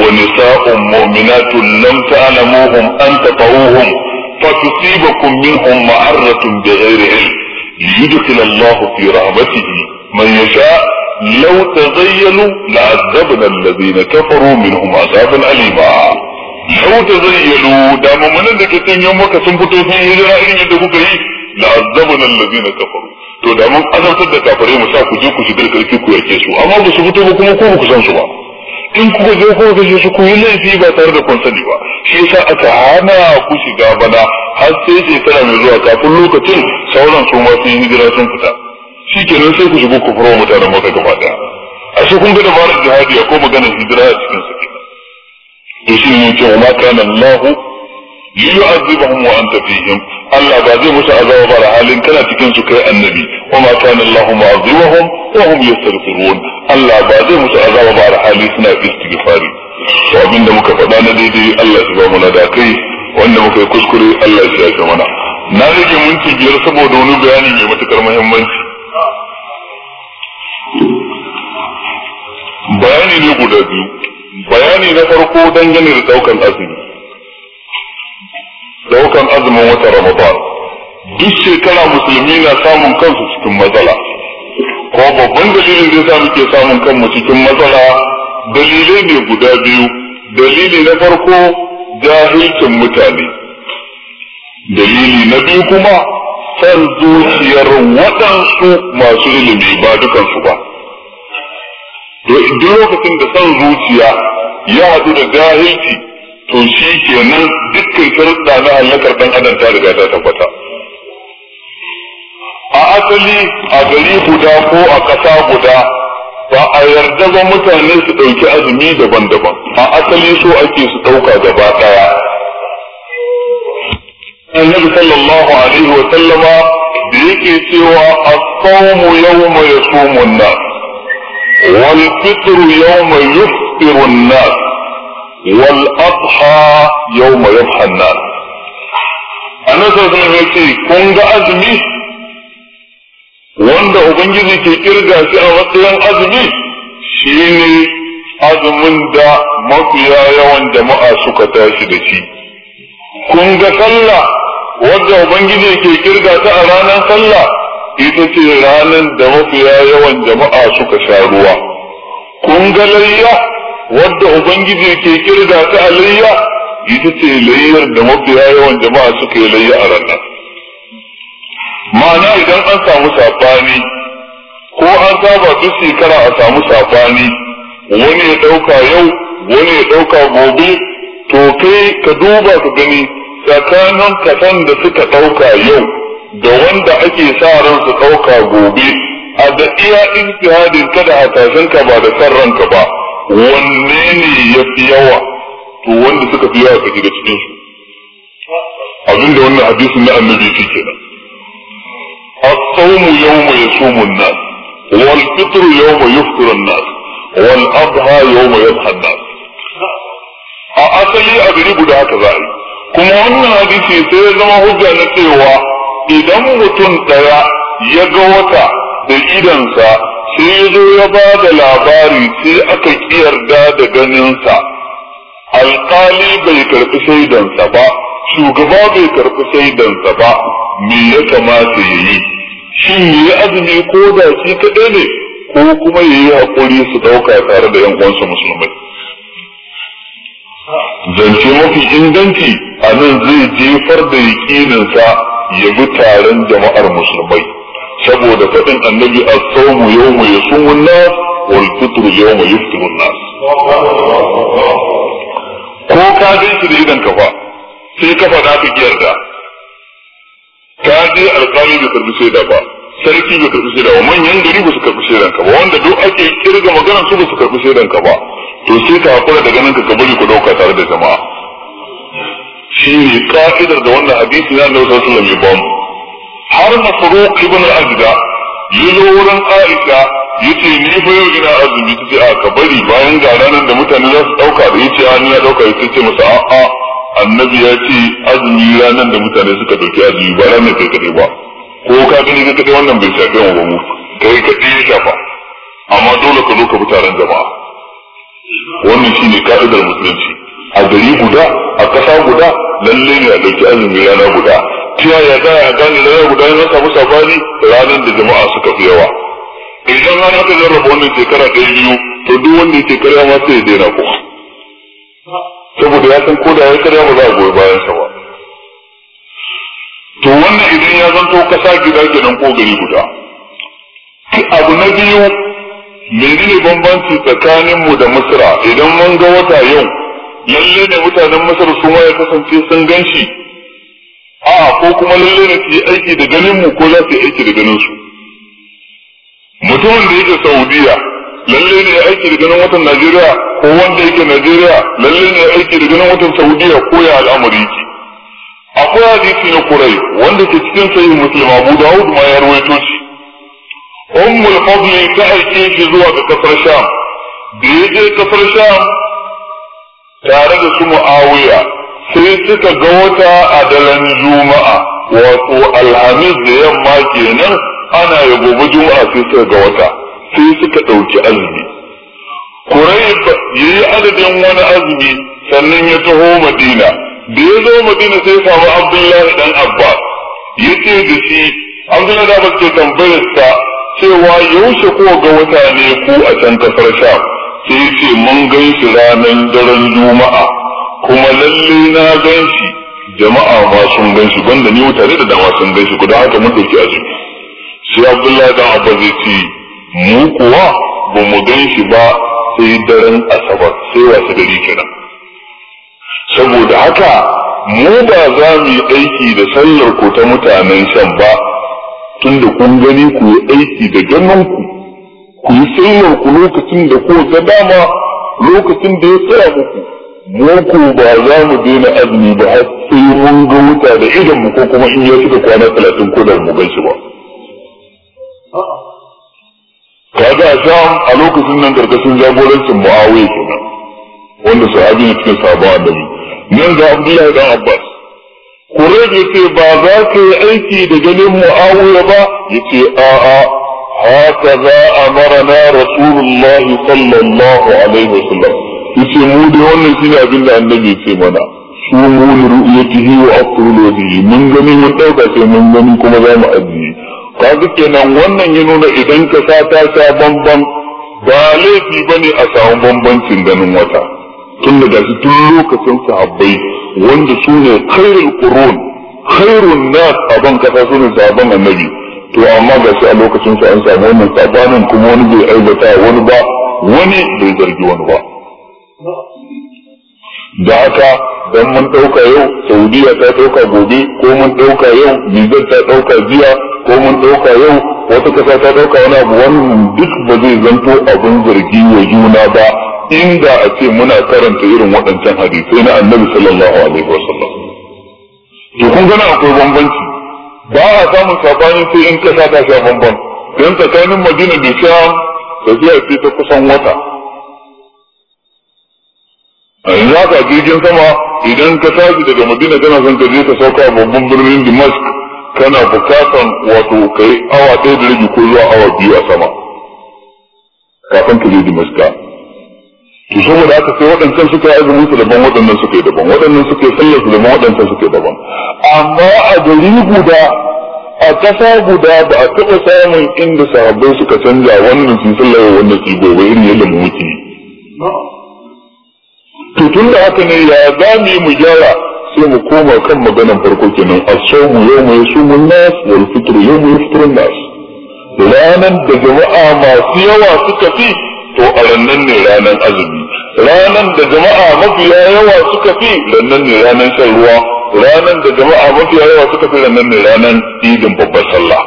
wa nisa'un mu'minatun lam ta'lamuhum an tatawuhum fa tusibakum minhum ma'arratun bighairi ilm ليدخل الله في رحمته من يشاء لو تزينوا لعذبنا الذين كفروا منهم عذابا أليما lauta zan iya lu da mamanin da ke yi maka sun fito sun yi hijira irin yadda kuka yi la azabana na kafaru to da mun azabtar da kafare mu sa ku je ku shigar karfi ku yake su amma ba su fito ba kuma ko ba ku san su ba in kuka je kuka kashe su ku yi laifi ba tare da kun sani ba shi yasa aka hana ku shiga bana har sai tana mai zuwa kafin lokacin sauran su ma sun yi hijira sun fita shi kenan sai ku shigo ku furo mutanen maka gaba daya a shi kun ga dabarar jihadi ko magana hijira a cikin sake to shi ne cewa ma kana Allah liyu'adhibahum wa anta fihim Allah ba a musu halin kana cikin su kai annabi wa ma kana Allah mu'adhibahum ba zai musu muka faɗa na daidai Allah ya da kai muka yi kuskure Allah mana na rage biyar saboda wani bayani matukar bayani ne guda biyu bayani na farko dangane da daukan azumi daukan azumin wata ramadan duk shekara musulmi na samun kansu cikin matsala ko babban dalilin da yasa muke samun kanmu cikin matsala dalilai ne guda biyu dalili na farko jahilcin mutane dalili na biyu kuma san zuciyar waɗansu masu ilimi ba dukansu ba duk lokacin da son zuciya ya haɗu da jahilci to shi kenan dukkan sharuɗa na halakar ɗan adam ta riga ta tabbata a asali a gari guda ko a ƙasa guda ba a yarda ba mutane su ɗauki azumi daban-daban a asali so ake su ɗauka gaba ɗaya annabi sallallahu alaihi wa sallama da yake cewa a mu ya so yasumun nas wal fitru yawma yuftiru an-nas wal adha yawma yadha an-nas annabi sallallahu alaihi wasallam yace kun ga azumi wanda ubangiji ke kirga shi a matsayin azumi shine azumin da mafiya yawan jama'a suka tashi da shi kun ga sallah wadda ubangiji ke kirga ta a ranar sallah ita ce ranar da mafiya yawan jama'a suka sha ruwa kun ga layya wadda ubangiji ke kirga ta a layya ita ce layyar da mafiya yawan jama'a suka yi layya a ranar ma'ana idan an samu safani ko an saba duk shekara a samu safani, wani ya ɗauka yau wani ya ɗauka gobe to kai ka duba ka gani tsakanin kasan da suka ɗauka yau da wanda ake sa ran su ɗauka gobe a da iya kada ka da ka ba da san ranka ba wanne ne ya fi yawa to wanda suka fi yawa kake da cikin su abinda wannan hadisin na annabi yake kenan الصوم يوم يصوم الناس والفطر يوم يفطر الناس والأضحى يوم يضحى الناس a asali a gari guda haka za a yi kuma wannan hadisi sai ya zama hujja na cewa idan mutum ɗaya ya ga wata da idansa sai ya zo ya ba da labari sai aka yarda da ganinsa alƙali bai karɓi shaidansa ba shugaba bai karɓi shaidansa ba me ya kamata ya yi shin ya azumi ko da shi kaɗai ne ko kuma ya yi haƙuri su ɗauka tare da yan uwansa musulmai zance mafi inganci a nan zai jefar da yaƙininsa Yabi taron jama'ar musulmai saboda faɗin annabi as-sawmu yawma yasumun nas wal fitru yawma yuftirun nas ko ka gan shi da idan ka fa sai ka faɗa ka da. ka je alƙali bai karbi da ba sarki bai karbi da ba manyan gari ba su karbi sai ka ba wanda duk ake kirga maganar su ba su karbi sai ka ba to sai ka hakura da ganin ka ka bari ku ɗauka tare da jama'a shi ne ka'idar da wannan hadisi na Annabi sallallahu alaihi wasallam ya har na Masruq ibn Azda yazo wurin Aisha yace ni fa yau ina azumi tace a ka bari bayan ga ranar da mutane za su dauka da yace a ni ya dauka yace ce masa a a annabi ya ce azumi ranar da mutane suka dauki azumi ba ranar kai kadai ba ko ka gani ka kadai wannan bai shafe mu ba mu kai kadai ya shafa amma dole ka zo ka bi taron jama'a wannan shine ka'idar musulunci a gari guda a ƙasa guda lalle ne a ɗauki azumi rana guda ta yaya za a gane rana guda ya samu safari ranar da jama'a suka fi yawa idan har aka zarraba wannan shekara ɗaya biyu to duk wanda ya karya ma sai ya daina ko saboda ya san koda ya karya ba za a goyi bayan sa ba to wannan idan ya zanto ƙasa gida kenan ko gari guda abu na biyu menene bambanci tsakaninmu da misra idan mun ga wata yau lalle ne mutanen masar su ma ya kasance sun gan shi a ko kuma lalle ne su yi aiki da ganin mu ko za su yi aiki da ganin su mutumin da yake saudiya lalle ne ya aiki da ganin watan najeriya ko wanda yake najeriya lalle ne ya aiki da ganin watan saudiya ko ya al'amari yake akwai hadisi na kurai wanda ke cikin sahih muslim abu dawud ma ya rawaito shi ummul fadli ta aike shi zuwa ga kasar sham da ya je kasar sham tare da su mu'awiya sai suka ga wata a dalan juma'a wato alhamis da yamma kenan ana ya gobe juma'a sai suka ga wata sai suka ɗauki azumi Kurayb ya yi adadin wani azumi sannan ya taho Madina da ya zo Madina sai samu Abdullahi dan Abbas ya ce da shi Abdullahi da Abbas ke sa cewa yaushe ko ga wata ne ku a can kasar Sham sai ce mun gan shi ranar daren juma'a kuma lalle na gan shi jama'a ma sun gan shi banda ni mutane da dama sun gan shi guda haka mun dauki azumi sai abdullahi dan abba zai ce mu kuwa ba mu gan shi ba sai daren asabar sai wasu gari kenan saboda haka mu ba za mu yi aiki da sallar ku ta mutanen shan ba tunda kun gani ku yi aiki da ganin ku ku yi sayyar ku lokacin da ku ta dama lokacin da ya tsaya muku mu ku ba za mu daina azumi ba har sai mun ga wuta da idan mu ko kuma in ya shiga kwana talatin ko da mu gaishe ba kaga ga sham a lokacin nan karkashin jagorancin muawiya kenan wanda su sahabi ne cikin sabon annabi nan ga abdullahi dan abbas rage ce ba za ka yi aiki da ganin muawiya ba Ya ce a'a هكذا أمرنا رسول الله صلى الله عليه وسلم يسمو دي وانا سينا أبن النبي يسمونا سوموا لرؤيته وأطروا لوجهه من غني من أوكا من غني كما زام أبني kaga kenan wannan ya nuna idan ka sa ta sha bamban ba laifi bane a samu bambancin ganin wata tun da gashi tun lokacin sahabbai wanda su ne khairul qurun nas a ban su ne annabi to amma ga shi a lokacin sa an samu wannan sabanin kuma wani bai aibata wani ba wani bai zargi wani ba da haka dan mun dauka yau saudiya ta dauka gobe ko mun dauka yau nijar ta dauka jiya ko mun dauka yau wata kasa ta dauka wani abu wannan duk ba zai zanto abin zargi wa juna ba inda a ce muna karanta irin waɗancan hadisai na annabi sallallahu alaihi wasallam to kun gana akwai bambanci ba a samun sabani sai in kasa ta sha bambam don tsakanin madina da sham tafiya ce ta kusan wata a yanzu haka jirgin sama idan ka tashi daga madina kana son ka je ka sauka babban birnin damask kana bukatan wato kai awa ɗaya da rage ko zuwa awa biyu a sama kafin ka je damask to saboda haka sai waɗancan suka yi azumin su daban waɗannan suka yi daban waɗannan suka yi sallar su daban waɗancan suka yi daban amma a gari guda a ƙasa guda ba a taɓa samun inda sahabbai suka canja wannan sun sallar wannan su gobe irin yadda mu muke to tun da haka ne ya za mu yi mu gyara sai mu koma kan maganan farko kenan as yau mu yi sumun nas wal fitru mu yi an-nas ranan da jama'a masu yawa suka fi to a rannan ne ranan azumi ranan da jama'a mafiya yawa suka fi rannan ne ranan shan ruwa ranan da jama'a mafiya yawa suka fi rannan ne ranan idin babbar sallah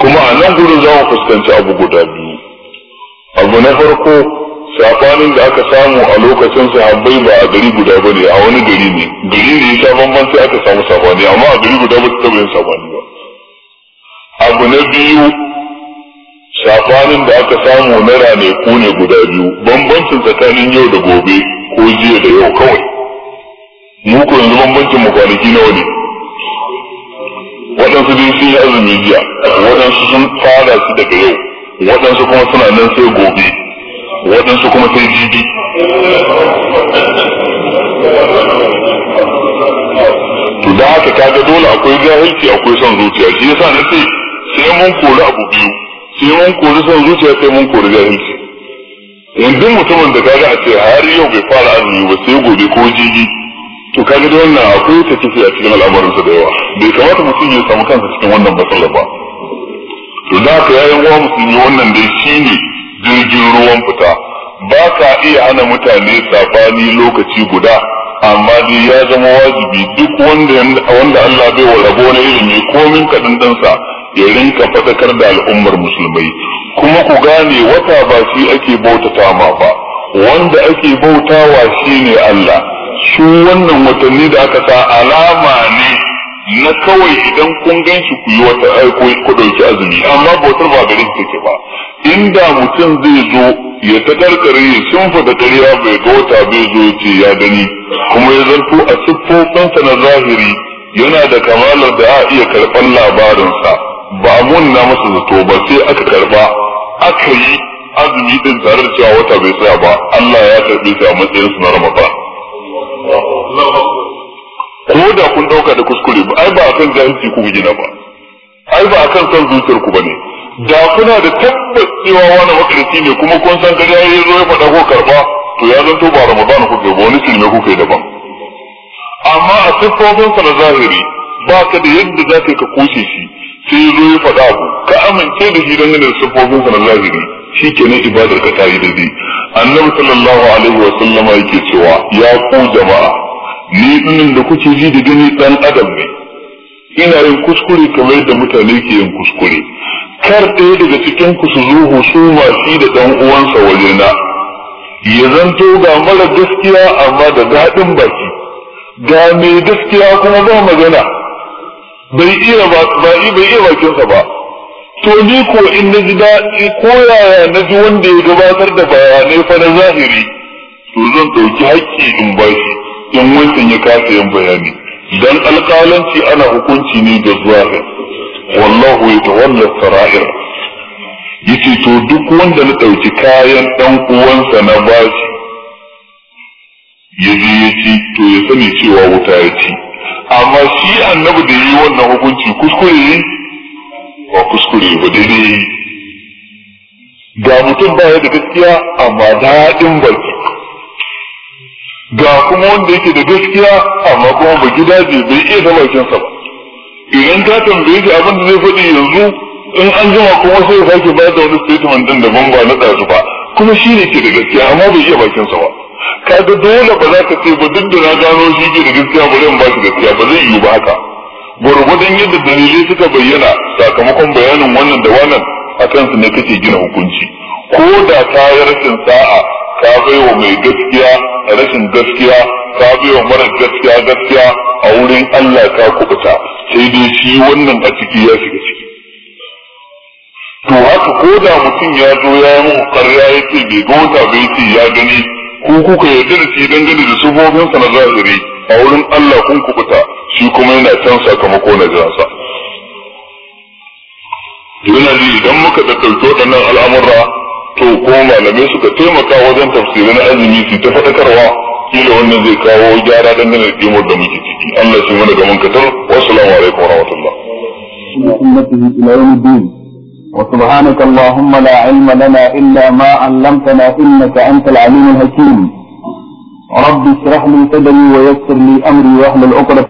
kuma a nan gudun za mu fuskanci abu guda biyu abu na farko safanin da aka samu a lokacin sahabbai ba a gari guda ba ne a wani gari ne gari ne ya sha sai aka samu safani amma a gari guda ba su taɓa yin safani ba abu na biyu sabanin da aka samu na ranaku ne guda biyu bambancin tsakanin yau da gobe ko jiya da yau kawai mu ko yanzu bambancin mu kwanaki nawa ne waɗansu dai sun yi azumi jiya waɗansu sun fara su daga yau waɗansu kuma suna nan sai gobe waɗansu kuma sai jibi to da haka kaga dole akwai jahilci akwai son zuciya shi yasa na ce sai mun kori abu biyu sai mun kori son zuciya sai mun kori jahilci yanzu mutumin da kaga a ce har yau bai fara azumi ba sai gobe ko jibi to kaga da wannan akwai ta kifi a cikin al'amarinsa da yawa bai kamata mutum ya samu kansa cikin wannan matsalar ba to da haka yayin uwa musulmi wannan dai shine jirgin ruwan fita ba ka iya hana mutane sabani lokaci guda amma dai ya zama wajibi duk wanda Allah bai wa rabo na ilimi komin kadan dansa ya rinka faɗakar da al'ummar musulmai kuma ku gane wata ba shi ake bautata ma ba wanda ake bautawa shine Allah su wannan watanni da aka sa alama ne na kawai idan kun gan shi ku yi wata ku ɗauki azumi amma bautar ba garin take ba inda mutum zai zo ya ta karkare ya sunfa da ƙarya bai ga wata bai zo ya ce ya gani kuma ya zarto a siffofinsa na zahiri yana da kamalar da a iya karɓar labarinsa ba a munna masa zato ba sai aka karɓa aka yi azumi din tare da cewa wata bai tsaya ba Allah ya karɓe shi a matsayin su na Ramadan. ko da kun dauka da kuskure ba ai ba kan jahilci ku gina ba ai ba kan san zuciyar ku bane da kuna da tabbas cewa wani makarci ne kuma kun san gari ya zo ya faɗa ko karba to ya zanto ba ramadan ku ga wani silme ku kai daban amma a siffofin sa na zahiri ba ka da yadda za ka ka kushe shi sai ya zo ya fada ku ka amince da shi dan da sifofin sa na zahiri shi ne ibadar ka ta yi daidai annabi sallallahu alaihi wa sallama yake cewa ya ku jama'a ni da kuke ji da gani ɗan adam ne ina yin kuskure kamar da mutane ke yin kuskure kar ɗaya daga cikin ku su zo su shi da ɗan uwansa waje na. ya zanto ga mara gaskiya amma da daɗin baki ga mai gaskiya kuma ba magana bai iya bakinsa ba to ni ko in na ji daɗi ko yaya na ji wanda ya gabatar da bayanai fa na zahiri to zan ɗauki haƙƙi in bashi in wancan ya kasa yin bayani dan alƙalanci ana hukunci ne da zahir wallahu ya yatawalla sara'ir yace to duk wanda na ɗauki kayan ɗan uwansa na bashi ya je ya ci to ya sani cewa wuta ya ci amma shi annabi da yi wannan hukunci kuskure ne? ba kuskure ba daidai ga mutum ba ya da gaskiya amma daɗin baki ga kuma wanda yake da gaskiya amma kuma ba gidaje bai iya talakinsa ba idan ka tambaye shi abin da zai faɗi yanzu in an jima kuma sai ya sake ba da wani statement din ban ba na ɗazu ba kuma shi ne ke da gaskiya amma bai iya bakinsa ba kaga dole ba za ka ce ba duk da na gano shi ke da gaskiya ba zan ba shi gaskiya ba zai yiwu ba haka gwargwadon yadda dalilai suka bayyana sakamakon bayanin wannan da wannan a kansu ne kake gina hukunci ko da ta yi rashin sa'a ka wa mai gaskiya rashin gaskiya ka wa mara gaskiya gaskiya a wurin Allah ka kubuta sai dai shi wannan a ciki ya shiga ciki to haka ko da mutum ya zo ya yi muku karya ya ce bai gauta bai ce ya gani ko kuka yarda da shi dangane da sufofinsa na zahiri a wurin Allah kun kubuta shi kuma yana can sakamako na jiransa. Yana ji idan muka da nan waɗannan al'amura to ko malamai suka taimaka wajen tafsirai na azumi su ta faɗakarwa kila wannan zai kawo gyara dangane da kimar da muke ciki Allah shi mana gaman munkatar wassalamu alaikum wa rahmatullah ila yawmiddin wa subhanaka allahumma la ilma lana illa ma 'allamtana innaka antal alimul hakim rabbi israh li sadri wa yassir li amri wa ahlul